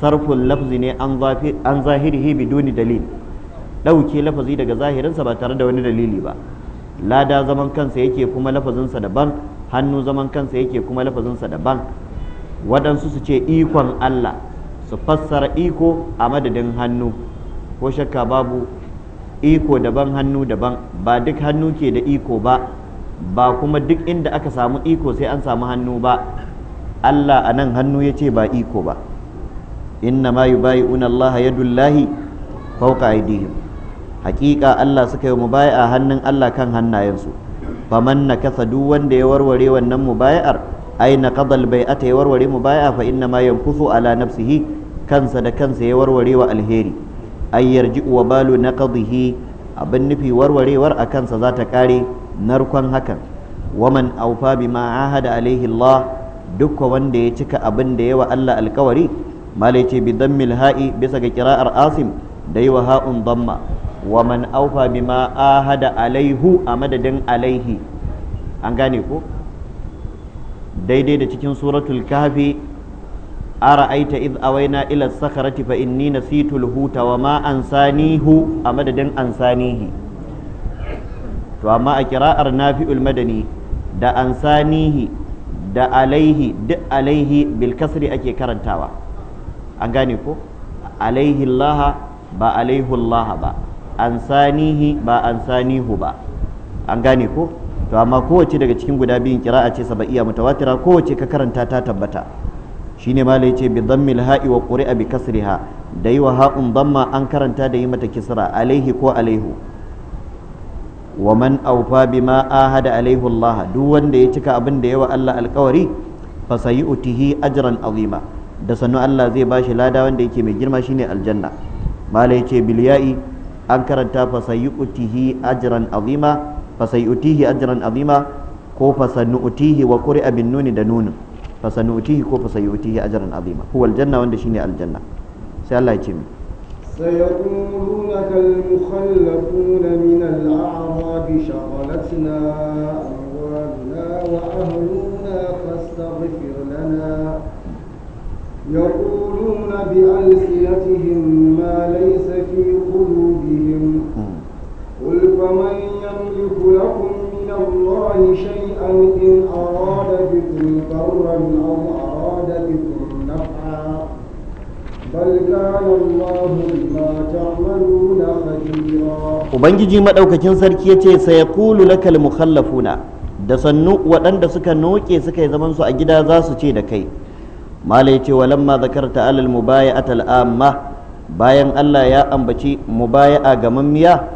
sarfun lafzi ne an zahirihi biduni dalil ɗauke lafazi daga zahirinsa ba tare da wani dalili ba lada zaman kansa yake kuma lafazinsa daban hannu zaman kansa yake kuma lafazinsa daban waɗansu su ce ikon Allah su fassara iko a madadin hannu ko shakka babu iko daban hannu daban ba duk hannu ke da iko ba ba kuma duk inda aka samu iko sai an samu hannu ba Allah a nan hannu ya ce ba iko ba inna ma yubayi'una Allah yadullahi fawqa aydihim haƙiƙa Allah suka yi mu mubaya a hannun Allah kan hannayensu faman nakasa duk wanda ya warware wannan mubaya'ar ai bai ata ya warware mubaya'a fa inna ma yankusu ala nafsihi kansa da kansa ya warware wa alheri ai yarji wa balu naqadihi abin nufi warwarewar a kansa za ta kare narkon hakan waman aufa bima ahada alaihi Allah dukka wanda ya cika abin da yawa Allah alkawari malai ce bi dammil ha'i bisa ga kira'ar asim da yi wa ha'un damma wa man aufa bima ahada alaihu a madadin alaihi an gane ko daidai da cikin suratul kahfi ara'aita id awaina ila sakharati fa inni nasitu huta wa ma ansanihu a madadin ansanihi to amma a kira'ar nafi'ul madani da ansanihi da alaihi duk alaihi bil ake karantawa an gane ko alaihi laha ba alaihu laha ba an sanihi ba an sanihu ba an gane ko to amma kowace daga cikin guda biyun kira'a ce saba'iya mutawatira kowace ka karanta ta tabbata shine malai yace bi dhammil ha'i wa quri'a bi kasriha da yi wa ha'un dhamma an karanta da yi mata kisra alaihi ko alaihu wa man awfa bima ahada alaihu Allah duk wanda ya cika abin da yawa Allah alkawari fa sayutihi ajran azima da sannu Allah zai bashi lada wanda yake mai girma shine aljanna mala yace bil an karanta fasayu'tihi ajran azima fasayu'tihi ajran azima ko fasanu'tihi wa quri'a bin nuni da nunin fasanu'tihi ko fasayu'tihi ajran azima huwa aljanna wanda shine aljanna sai Allah ya ce mi سيقولون كالمخلفون من الأعراب شغلتنا أموالنا وأهلنا فاستغفر لنا يقولون بألسنتهم ما ليس في قل فمن يملك لكم من الله شيئا إن أراد بكم ضرا أو أراد بكم نفعا بل كان الله بما تعملون خبيرا وبنجي مدوكاكين سركي سيقول لك المخلفون da sannu waɗanda suka noke suka yi zamansu a gida za su ce da kai mala ya ce walamma zakarta alal mubaya'at al'amma bayan Allah ya ambaci mubaya'a ga mammiya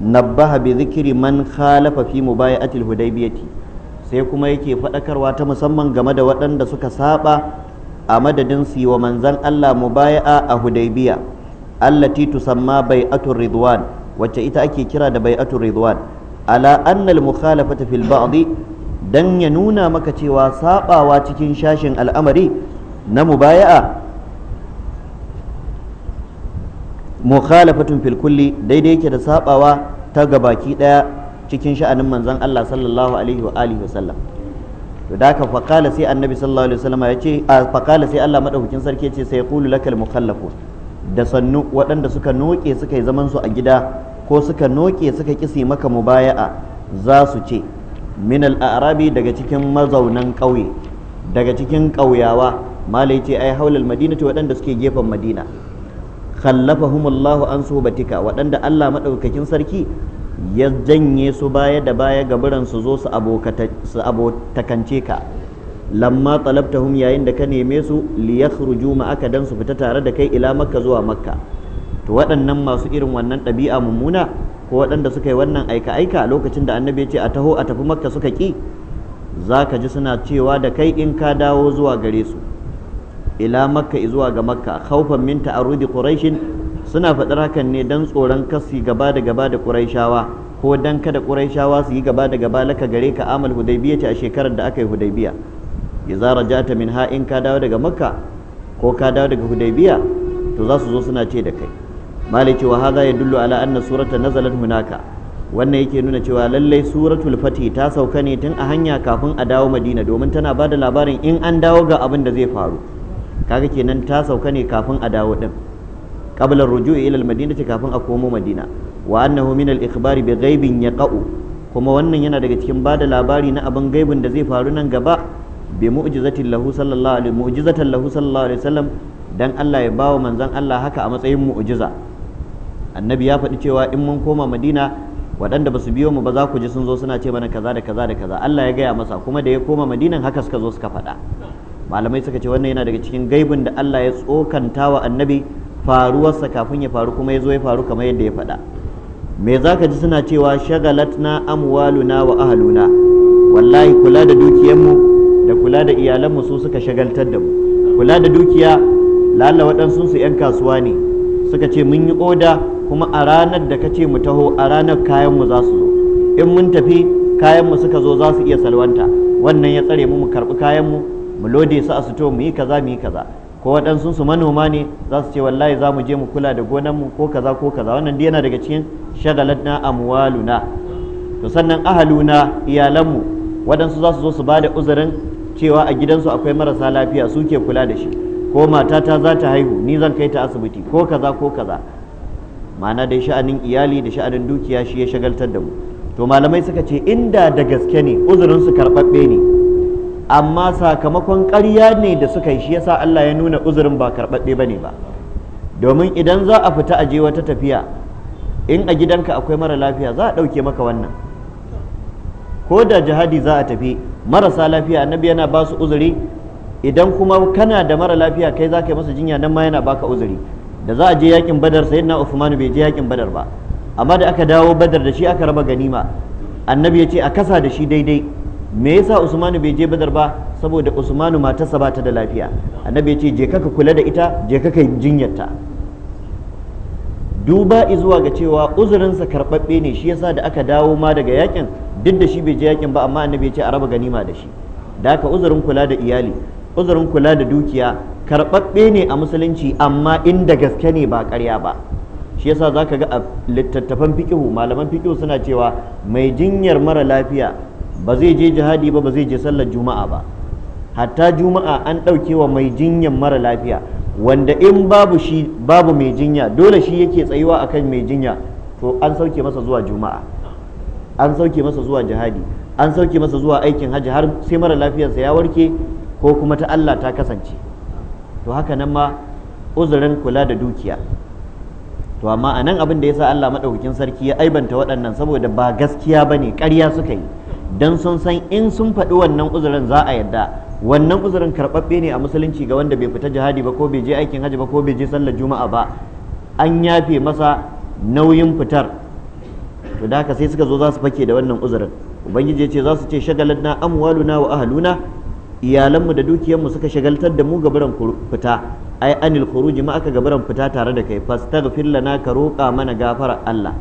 nabbaha bi zikiri man khalafa fi mubayatil hudaybiyati sai kuma yake faɗakarwa ta musamman game da waɗanda suka saba a madadin su yi wa manzan Allah mubaya'a a hudaybiya allati tusamma bai'atur ridwan wacce ita ake kira da bai'atur ridwan ala anna al mukhalafata fil ba'd dan ya nuna maka cewa sabawa cikin shashin al'amari na mubaya'a mukhalafatun fil kulli daidai yake da sabawa ta gabaki daya cikin sha'anin manzon Allah sallallahu alaihi wa alihi wa sallam to da ka faqala sai annabi sallallahu alaihi wa sallam yace faqala sai Allah madaukakin sarki ce sai yaqulu lakal mukallafu da sannu waɗanda suka noke suka yi zaman su a gida ko suka noke suka kisi maka mubaya'a za su ce min al-arabi daga cikin mazaunan ƙauye daga cikin ƙauyawa malai ce ai haulal madinati waɗanda suke gefen madina Allahu an batika waɗanda Allah maɗaukakin sarki ya janye su baya da baya ga gaburan su zo su abotakance ka lamma talabtahum yayin da ka neme su li yakhruju ma'aka dan su fita tare da kai ila makka zuwa makka to waɗannan masu irin wannan ɗabi'a mummuna ko waɗanda suka yi wannan aika-aika lokacin da annabi ya ce a taho a tafi makka suka ki za ka ji suna cewa da kai in ka dawo zuwa gare su ila makka zuwa ga makka khaufan min ta'arrudi quraishin suna faɗar hakan ne dan tsoron kasi gaba da gaba da quraishawa ko dan kada quraishawa su yi gaba da gaba laka gare ka amal hudaybiyya a shekarar da aka yi hudaybiyya idza rajata min ha in ka dawo daga makka ko ka dawo daga hudaybiyya to za su zo suna ce da kai maliki wa hadha yadullu ala anna surata nazalat hunaka wannan yake nuna cewa lallai suratul fati ta sauka ne tun a hanya kafin a dawo madina domin tana ba da labarin in an dawo ga abin da zai faru kaga kenan ta sauka ne kafin a dawo din qabla ruju'i ila al-madinati kafin a komo madina wa annahu min al-ikhbari bi ghaibin yaqa'u kuma wannan yana daga cikin bada labari na abin gaibin da zai faru nan gaba bi mu'jizatin lahu sallallahu alaihi mu'jizatan lahu sallallahu alaihi wasallam dan Allah ya bawa manzon Allah haka a matsayin mu'jiza annabi ya faɗi cewa in mun koma madina waɗanda ba su biyo mu ba za ku ji sun zo suna ce mana kaza da kaza da kaza Allah ya gaya masa kuma da ya koma madinan haka suka zo suka faɗa malamai suka ce wannan yana daga cikin gaibin da Allah ya tsokanta wa annabi faruwarsa kafin ya faru kuma ya zo ya faru kamar yadda ya faɗa me za ka ji suna cewa shagalatna amwaluna wa ahaluna wallahi kula da dukiyarmu da kula da iyalanmu su suka shagaltar da mu kula da dukiya lalla waɗansu su 'yan kasuwa ne suka ce mun yi oda kuma a ranar da ka ce mu taho a ranar kayanmu za su zo in mun tafi kayanmu suka zo za su iya salwanta wannan ya tsare mu mu karɓi kayanmu mu lode su a sito mu yi kaza mu yi kaza ko waɗansu su manoma ne za su ce wallahi za mu je mu kula da gonanmu ko kaza ko kaza wannan dai yana daga cikin na amwaluna to sannan ahaluna iyalanmu waɗansu za su zo su ba da uzurin cewa a gidansu akwai marasa lafiya su ke kula da shi ko matata za ta haihu ni zan kai ta asibiti ko kaza ko kaza ma'ana dai sha'anin iyali da sha'anin dukiya shi ya shagaltar da mu to malamai suka ce inda da gaske ne uzurin su karɓaɓɓe ne amma sakamakon ƙarya ne da suka yi shi yasa Allah ya nuna uzurin ba karɓaɓɓe ba ne ba domin idan za a fita a je wata tafiya in a gidanka akwai mara lafiya za a ɗauke maka wannan ko da jihadi za a tafi marasa lafiya annabi yana ba su uzuri idan kuma kana da mara lafiya kai za ka yi masa jinya nan ma yana baka uzuri da za a je yakin badar sai na Uthman bai je yakin badar ba amma da aka dawo badar da shi aka raba ganima annabi ya ce a kasa da shi daidai me yasa usmanu bai je bazar ba saboda usmanu matarsa ba ta da lafiya annabi ya ce je ka kula da ita je ka jinyarta duba zuwa ga cewa uzurinsa karɓaɓɓe ne shi yasa da aka dawo ma daga yakin duk da shi bai je yakin ba amma annabi ya ce a raba ganima da shi da haka uzurin kula da iyali uzurin kula da dukiya karɓaɓɓe ne a musulunci amma inda gaske ne ba ƙarya ba shi yasa zaka ga a littattafan fiƙihu malaman fiƙihu suna cewa mai jinyar mara lafiya ba zai je jihadi ba ba zai je sallar juma'a ba hatta juma'a an ɗauke wa mai jinyan mara lafiya wanda in babu shi babu mai jinya dole shi yake tsayuwa akan mai jinya to an sauke masa zuwa juma'a an sauke masa zuwa jihadi an sauke masa zuwa aikin hajji har sai mara lafiyarsa ya warke ko kuma ta Allah ta kasance to haka nan ma uzurin kula da dukiya to amma anan abin da yasa Allah madaukakin sarki ya aibanta waɗannan saboda ba gaskiya ba ne ƙarya suka yi don sun san in sun faɗi wannan uzurin za a yadda wannan uzurin karɓaɓɓe ne a musulunci ga wanda bai fita jihadi ba ko bai je aikin hajji ba ko bai je sallar juma'a ba an yafe masa nauyin fitar to da haka sai suka zo za su fake da wannan uzurin ubangiji ya ce za su ce na amwaluna wa ahluna iyalanmu da mu suka shagaltar da mu gabaran fita ai anil khuruji ma aka gabaran fita tare da kai fastaghfir lana ka roƙa mana gafara Allah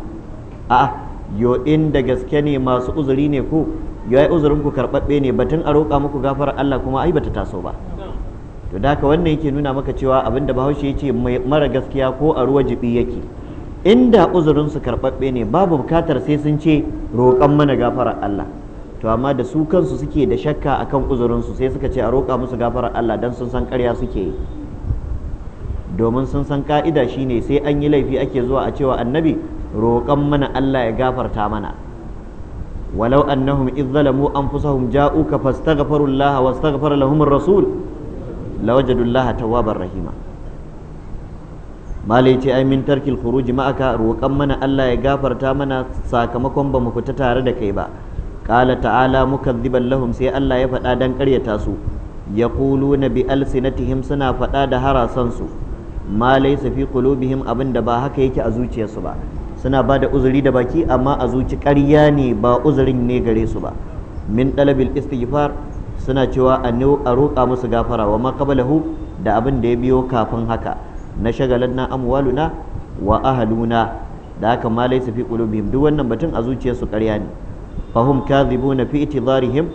a'a yo in da gaske ne masu uzuri ne ku ya yi uzurin ku karɓaɓɓe ne batun a roƙa muku gafar Allah kuma ai bata taso ba to da haka wannan yake nuna maka cewa abinda bahaushe ya ce mara gaskiya ko a ruwa jibi yake inda uzurin su karɓaɓɓe ne babu bukatar sai sun ce roƙan mana gafarar Allah to amma da su kansu suke da shakka akan uzurin su sai suka ce a roƙa musu gafarar Allah dan sun san ƙarya suke yi domin sun san ka'ida shine sai an yi laifi ake zuwa a cewa annabi roƙon mana Allah ya gafarta mana walau annahum idh zalamu anfusahum ja'uka fastaghfiru Allah wastaghfar lahum ar-rasul lawajadu Allah tawwabar rahima malai ce ai min tarkil khuruj ma'aka roƙon mana Allah ya gafarta mana sakamakon ba mu fita tare da kai ba qala ta'ala ziba lahum sai Allah ya faɗa dan ƙaryata su yaquluna bi alsinatihim suna faɗa da harasansu ma laysa fi qulubihim abinda ba haka yake a zuciyarsu ba suna ba da uzuri da baki amma a zuci ƙarya ne ba uzurin ne gare su ba min ɗalabil istighfar suna cewa a roƙa musu gafara wa makabalahu da abin da ya biyo kafin haka na shagalan na amwaluna wa ahaluna da haka ma laisa fi qulubihim duk wannan batun a zuciyarsu karya ne fahum kadhibuna fi itidarihim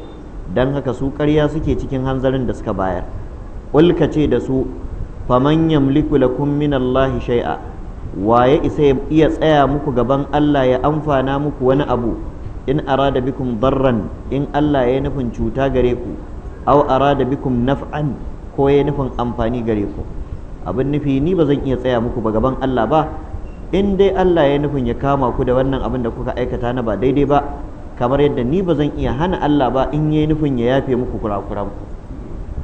dan haka su karya suke cikin hanzarin da suka bayar ulka ce da su faman yamliku lakum min shay'a waye isa ya iya tsaya muku gaban Allah ya amfana muku wani abu in arada bikum darran in Allah ya nufin cuta gare ku aw arada bikum naf'an ko ya nufin amfani gare ku abin nufi ni ba zan iya tsaya muku ba gaban Allah ba in dai Allah ya nufin ya kama ku da wannan abin da kuka aikata na ba daidai ba kamar yadda ni ba zan iya hana Allah ba in yayi nufin ya yafe muku kurakuranku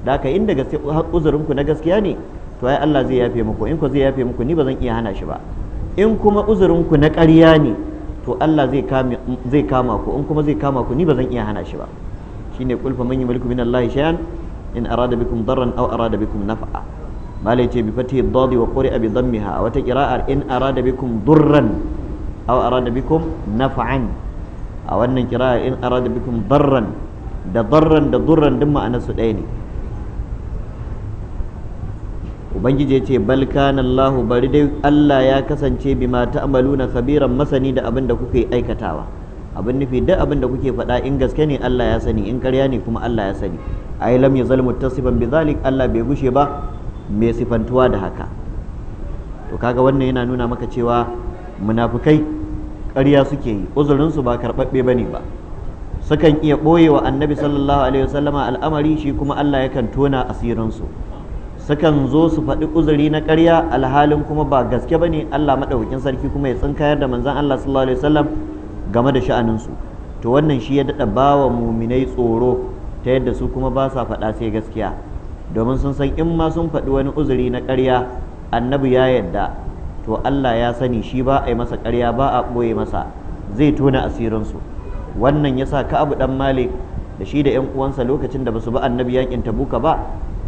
da haka in uzurin uzurinku na gaskiya ne to ai Allah zai yafe muku in ku zai yafe muku ni ba zan iya hana shi ba in kuma uzurinku na ƙarya ne to Allah zai kama zai kama ku in kuma zai kama ku ni ba zan iya hana shi ba shine kulfa fa man yamliku min Allah shay'an in arada bikum darran aw arada bikum naf'a malai ce bi fatihi dadi wa quri'a bi dammiha wata ta qira'ar in arada bikum durran aw arada bikum naf'an a wannan qira'a in arada bikum darran da darran da durran duk ma'anar su ɗaya ne ubangiji ya ce balkanallahu allah bari dai Allah ya kasance bima na khabiran masani da abin da kuke aikatawa abin nufi duk abin da kuke faɗa in gaske ne Allah ya sani in karya ne kuma Allah ya sani ai lam yazal bi zalik Allah bai gushe ba mai sifantuwa da haka to kaga wannan yana nuna maka cewa munafukai karya suke yi uzurin su ba karɓaɓɓe bane ba sukan iya ɓoye wa annabi sallallahu alaihi wasallama al'amari shi kuma Allah yakan tona asirin su sukan zo su faɗi uzuri na ƙarya alhalin kuma ba gaske ba ne Allah maɗaukin sarki kuma ya tsinkayar da manzan Allah sallallahu alaihi wasallam game da sha'aninsu to wannan shi ya daɗa ba wa muminai tsoro ta yadda su kuma ba sa faɗa sai gaskiya domin sun san in ma sun faɗi wani uzuri na ƙarya annabi ya yadda to Allah ya sani shi ba a yi masa ƙarya ba a ɓoye masa zai tona asirinsu wannan ya sa abu ɗan malik da shi da 'yan uwansa lokacin da ba su bi annabi yakin tabuka ba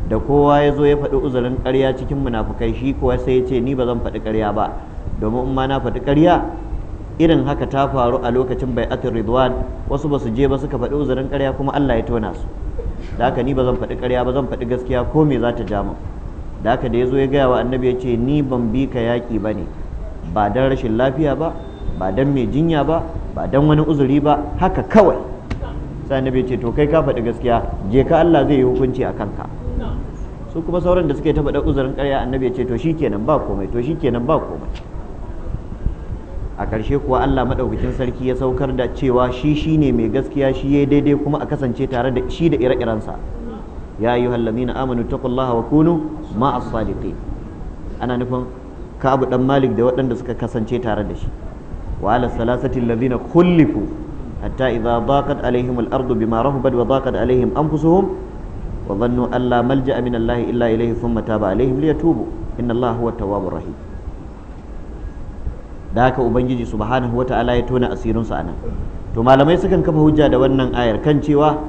da kowa ya zo ya faɗi uzurin ƙarya cikin munafukai shi kuwa sai ya ce ni ba zan faɗi ƙarya ba domin in ma na faɗi ƙarya irin haka ta faru a lokacin bai'atul ridwan wasu basu je ba suka faɗi uzurin ƙarya kuma Allah ya tona su da haka ni ba zan faɗi ƙarya ba zan faɗi gaskiya ko me za ta ja min da haka da ya zo ya gaya wa annabi ya ce ni ban bi ka yaƙi ba ne ba don rashin lafiya ba ba don mai jinya ba ba don wani uzuri ba haka kawai sai annabi ya ce to kai ka faɗi gaskiya je ka Allah zai yi hukunci a kanka su kuma sauran da suke ta faɗa uzurin ƙarya annabi ya ce to shikenan ba komai to shikenan ba komai a ƙarshe kuwa Allah maɗaukakin sarki ya saukar da cewa shi ne mai gaskiya shi ya daidai kuma a kasance tare da shi da ire-irensa ya yi hallazina amanu taqullaha wa kunu ma'as sadiqin ana nufin kabu dan malik da waɗanda suka kasance tare da shi wa ala salasati alladhina khulifu hatta idza daqat alaihim al-ardu bima rahabat wa daqat alaihim anfusuhum wa zannu alla malja'a min Allah illa ilayhi thumma taba alaihim liyatubu inna Allah huwa tawwabur rahim da haka ubangiji subhanahu wata'ala ya tona asirin su anan to malamai sukan kafa hujja da wannan ayar kan cewa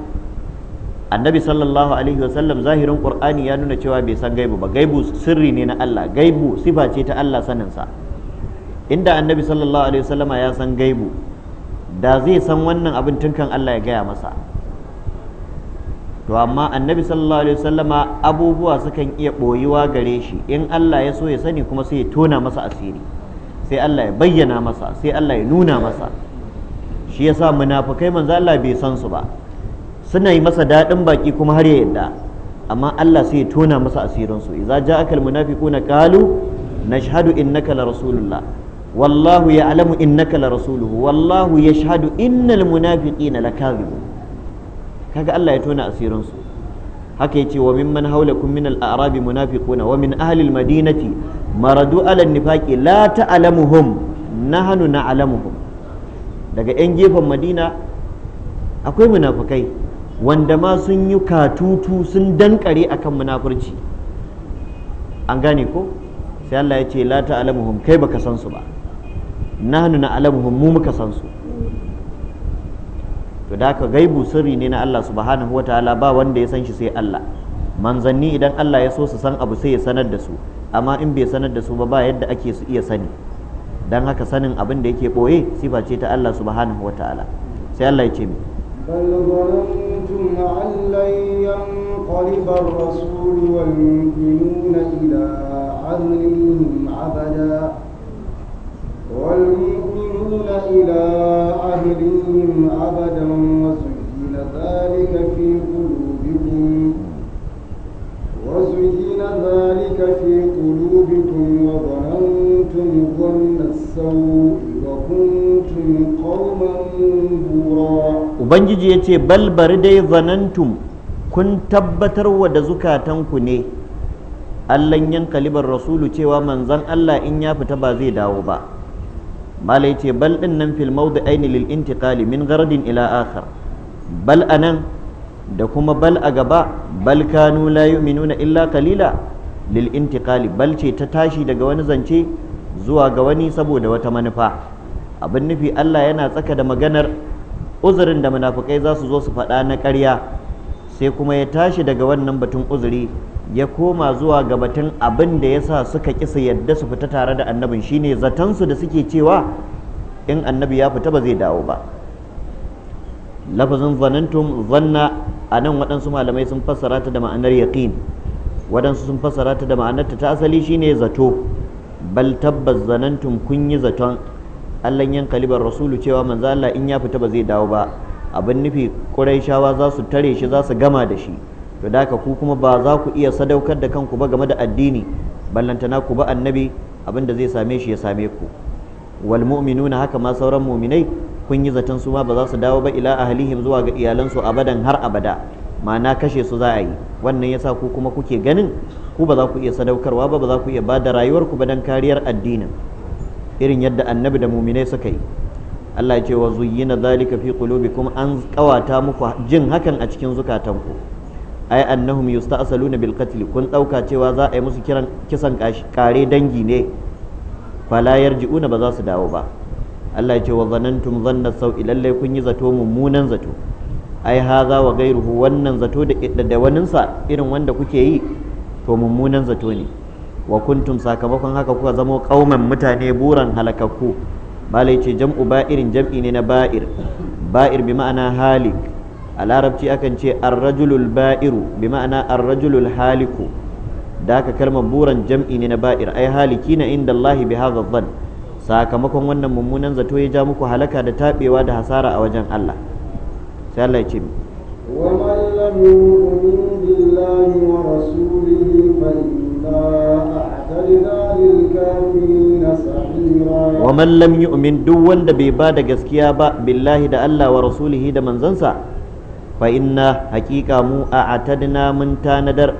annabi sallallahu alaihi wasallam zahirin qur'ani ya nuna cewa bai san gaibu ba gaibu sirri ne na Allah gaibu sifa ce ta Allah saninsa inda annabi sallallahu alaihi wasallama ya san gaibu da zai san wannan abin tun kan Allah ya gaya masa to amma annabi sallallahu alaihi wasallama abubuwa sukan iya ɓoyuwa gare shi in Allah ya so ya sani kuma sai ya tona masa asiri sai Allah ya bayyana masa sai Allah ya nuna masa shi yasa munafukai manzo Allah bai san su ba suna yi masa daɗin baki kuma har ya yadda amma Allah sai ya tona masa asirin su idza ja'aka almunafiquna qalu nashhadu innaka la rasulullah wallahu ya'lamu innaka la rasuluhu wallahu yashhadu innal munafiqina lakadhibun kaga Allah ya tona asirin su haka yace wa mimman hawlakum min al-a'rab munafiquna wa min ahli al-madinati maradu ala nifaqi la ta'lamuhum nahnu na'lamuhum daga yan gefen Madina akwai munafikai wanda ma sun yi katutu sun dankare akan munafurci an gane ko sai Allah ya ce la ta'lamuhum kai baka san su ba nahnu na'lamuhum mu muka san su to da haka gaibu sirri ne na Allah subhanahu ta'ala ba wanda ya san shi sai Allah manzanni idan Allah ya so su san abu sai ya sanar da su amma in bai sanar da su ba ba yadda ake su iya sani dan haka sanin abin da yake boye sifa ce ta Allah subhanahu ta'ala sai Allah ya ce mi بل ظننتم يعهدون Ubangiji ya ce, Bal bari dai zanantum kun tabbatar da zukatanku ne, Allah yin kalibar Rasulu cewa manzan Allah in ya fita ba zai dawo ba. malai ce bal din nan fil da aini lil intiqali min gardin ila akhar bal anan da kuma bal a gaba bal kanu la yu'minuna illa kalila lil intiqali bal ce ta tashi daga wani zance zuwa ga wani saboda wata manufa abin nufi Allah yana tsaka da maganar uzurin da munafukai za su zo su faɗa na ƙarya sai kuma ya tashi daga wannan batun uzuri ya koma zuwa ga batun abin da ya sa suka kisa yadda su fita tare da annabin shine zatansu da suke cewa in annabi ya fita ba zai dawo ba lafazin zanantum zanna a nan waɗansu malamai sun fassara ta da ma'anar yaƙin waɗansu sun fassara ta da ma'anar ta asali shine zato bal tabbas zanantum kun yi zaton allan yan kalibar rasulu cewa manzo Allah in ya fita ba zai dawo ba abin nufi ƙurayshawa za su tare shi za su gama da shi to da ku kuma ba za ku iya sadaukar da kanku ba game da addini ballantana ku ba annabi abin da zai same shi ya same ku wal mu'minuna haka ma sauran mu'minai kun yi zaton su ma ba za su dawo ba ila ahlihim zuwa ga iyalansu abadan har abada ma'ana kashe su za a yi wannan yasa ku kuma kuke ganin ku ba za ku iya sadaukarwa ba ba za ku iya ba da rayuwarku ba dan kariyar addinin irin yadda annabi da mu'minai suka yi Allah ya ce wa zuyyina zalika fi qulubikum an kawata muku jin hakan a cikin zukatanku ai annahum yusta'saluna bil qatl kun dauka cewa za a yi musu kiran kisan kare dangi ne fala yarji'una ba za su dawo ba Allah ya ce wa zanantum zanna sau lallai kun yi zato mummunan zato ai haza wa gairuhu wannan zato da da sa irin wanda kuke yi to mummunan zato ne wa kuntum sakamakon haka kuka zamo kauman mutane buran halakakku malai ce jam'u ba'irin jam'i ne na ba'ir ba'ir bi ma'ana halik a larabci akan ce arrajulul ba'iru bi ma'ana arrajulul haliku da aka kalmar buran jam'i ne na ba'ir ai haliki na inda Allahi bi hadha sakamakon wannan mummunan zato ya ja muku halaka da tabewa da hasara a wajen Allah sai Allah ya ce ومن لم يؤمن بالله ورسوله فإنا أعتدنا للكافرين سعيرا ومن لم bai ba da gaskiya ba billahi da allah wa دا da manzansa. fa inna haƙiƙa mu a atadna mun tanadar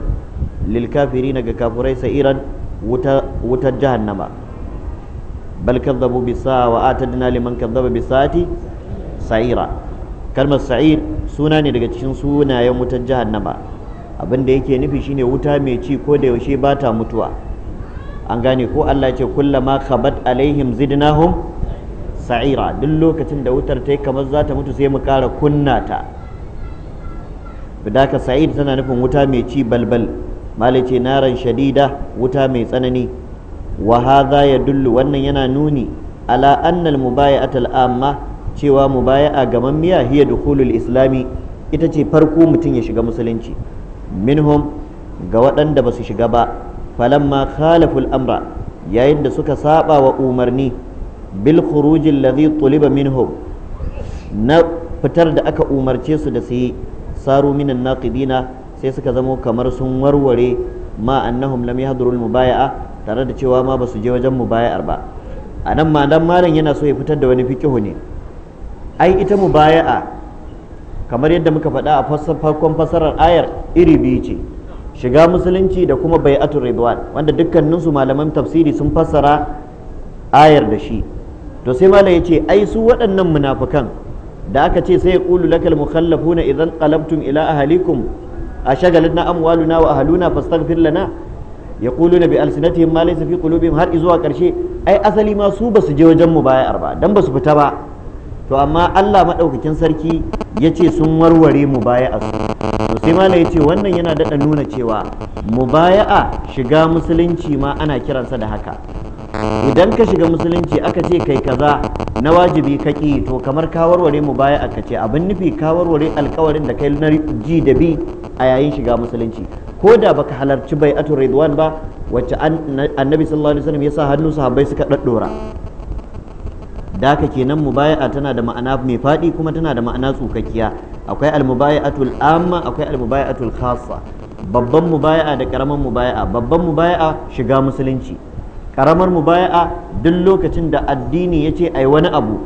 lil na ga kafurai sa'iran wutar jahannama bal kadzabu bisa wa atadna liman kadzaba bisati sa'ira kalmar sa'ir suna ne daga cikin sunayen wutar jahannama abin da yake nufi shine wuta mai ci ko da yaushe ba ta mutuwa an gane ko Allah ce kullama khabat alaihim zidnahum sa'ira duk lokacin da wutar ta yi kamar za ta mutu sai mu kara kunna ta bidaka sa'id tana nufin wuta mai ci balbal malai ce naran shadida wuta mai tsanani wa ya dullu wannan yana nuni ala annal mubaya'atul amma cewa mubaya'a gamammiya hiya dukhulul islami ita ce farko mutum ya shiga musulunci minhum ga waɗanda ba su shiga ba falamma khalaful amra yayin da suka saba wa umarni bil khurujil ladhi tuliba minhum na fitar da aka umarce su da su yi saru minan naqidina sai suka zamo kamar sun warware ma annahum lam yahdurul mubaya'a tare da cewa ma basu je wajen mubaya'ar ba anan ma dan malam yana so ya fitar da wani fikihu ne ai ita mubaya'a kamar yadda muka faɗa a farkon fassarar ayar iri biyu ce shiga musulunci da kuma bai'atul ridwan wanda dukkaninsu malaman tafsiri sun fassara ayar da shi to sai malam ya ce ai su waɗannan munafukan da aka ce sai ya yaqulu lakal mukhallafuna idan qalabtum ila ahlikum na amwaluna wa ahluna fastaghfir lana na bi alsinatihim ma laysa fi qulubihim har zuwa karshe ai asali ma su basu je wajen mu baya arba dan basu fita ba to amma Allah madaukakin sarki yace sun warware mu baya a su to sai mala wannan yana daɗa nuna cewa mubaya'a shiga musulunci ma ana kiransa da haka idan ka shiga musulunci aka ce kai kaza na wajibi ka ƙi to kamar kawarware mu baya aka ce abin nufi kawarware alkawarin da kai na ji da bi a yayin shiga musulunci ko da baka halarci bai atu ridwan ba wacce annabi sallallahu alaihi wasallam ya sa hannu sahabbai suka daddora da haka kenan mubaya'a tana da ma'ana mai faɗi kuma tana da ma'ana tsukakkiya akwai almubaya'atul amma akwai almubaya'atul khassa babban mubaya'a da karamin mubaya'a babban mubaya'a shiga musulunci karamar mubaya'a duk lokacin da addini ya ce ai wani abu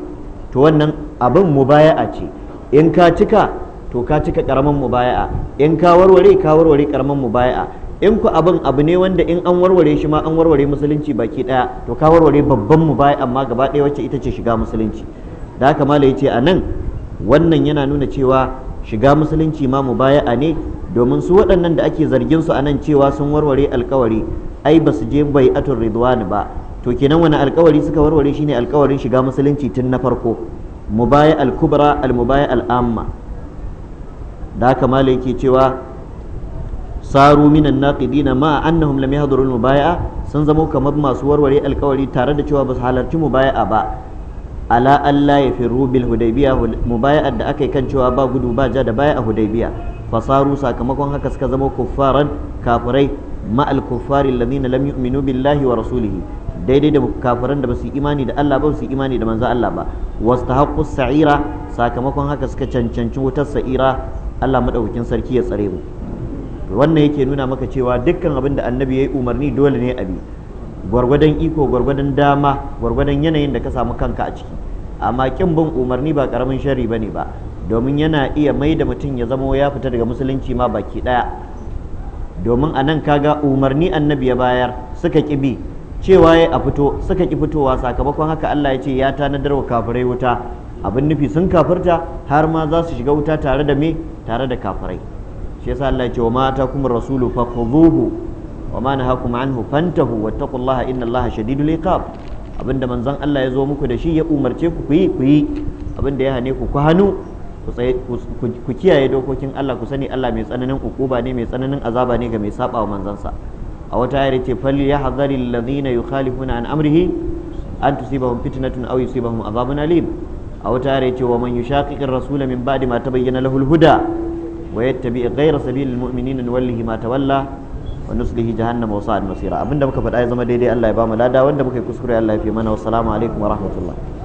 to wannan abin mubaya'a ce in ka cika to ka cika karamar mubaya'a in ka warware ka warware karamar mubaya'a in ku abin abu ne wanda in an warware shi ma an warware musulunci baki daya to ka warware babban mubaya'a ma gaba daya wacce ita ce shiga musulunci da haka malai ce a nan wannan yana nuna cewa shiga musulunci ma mubaya'a ne domin su waɗannan da ake zargin su a nan cewa sun warware alkawari ai ba su je bai atun ridwan ba to kenan wani alkawari suka warware shine alkawarin shiga musulunci tun na farko mubaya al-kubra al-mubaya al-amma da haka mala yake cewa saru minan naqidina ma annahum lam al mubaya sun zama kamar masu warware alkawari tare da cewa ba su halarci mubaya'a ba ala Allah ya firru bil hudaybiya mubaya'ar da aka yi kan cewa ba gudu ba ja da baya a hudaybiya fasaru sakamakon haka suka zama kuffaran kafirai al kuffari alladhina lam yu'minu billahi wa rasulihi daidai da kafiran da basu imani da Allah ba su imani da manzo Allah ba wastahaqqu sa'ira sakamakon haka suka cancanci wutar sa'ira Allah madaukakin sarki ya tsare mu wannan yake nuna maka cewa dukkan abin da annabi yayi umarni dole ne a bi. gwargwadon iko gwargwadon dama gwargwadon yanayin da ka samu kanka a ciki amma kin bin umarni ba karamin shari bane ba domin yana iya mai da mutum ya zama ya fita daga musulunci ma baki daya domin a nan kaga umarni annabi ya bayar suka ki bi cewa ya a fito suka ki fitowa sakamakon haka Allah ya ce ya tanadar wa kafirai wuta abin nufi sun kafirta har ma za su shiga wuta tare da me tare da kafirai shi yasa Allah ya ce wa mata kuma rasulu fakhuduhu wa ma nahakum anhu fantahu wattaqullaha innallaha shadidul iqab abinda manzon Allah ya zo muku da shi ya umarce ku ku yi abinda ya hane ku ku hannu ku kiyaye dokokin Allah ku sani Allah mai tsananin ukuba ne mai tsananin azaba ne ga mai saba wa manzansa a wata ayar ce fal yahzari alladhina yukhalifuna an amrihi an tusibahum fitnatun aw yusibahum azabun alim a wata ayar ce wa man yushaqiqir rasul min ba'di ma tabayyana lahu al-huda wa yattabi' ghayra sabilil mu'minina nuwallihi ma tawalla wa nuslihi jahannama wa sa'ad masira abinda muka faɗa ya zama daidai Allah ya ba mu lada wanda muka yi kuskure Allah ya fi mana wa wa rahmatullah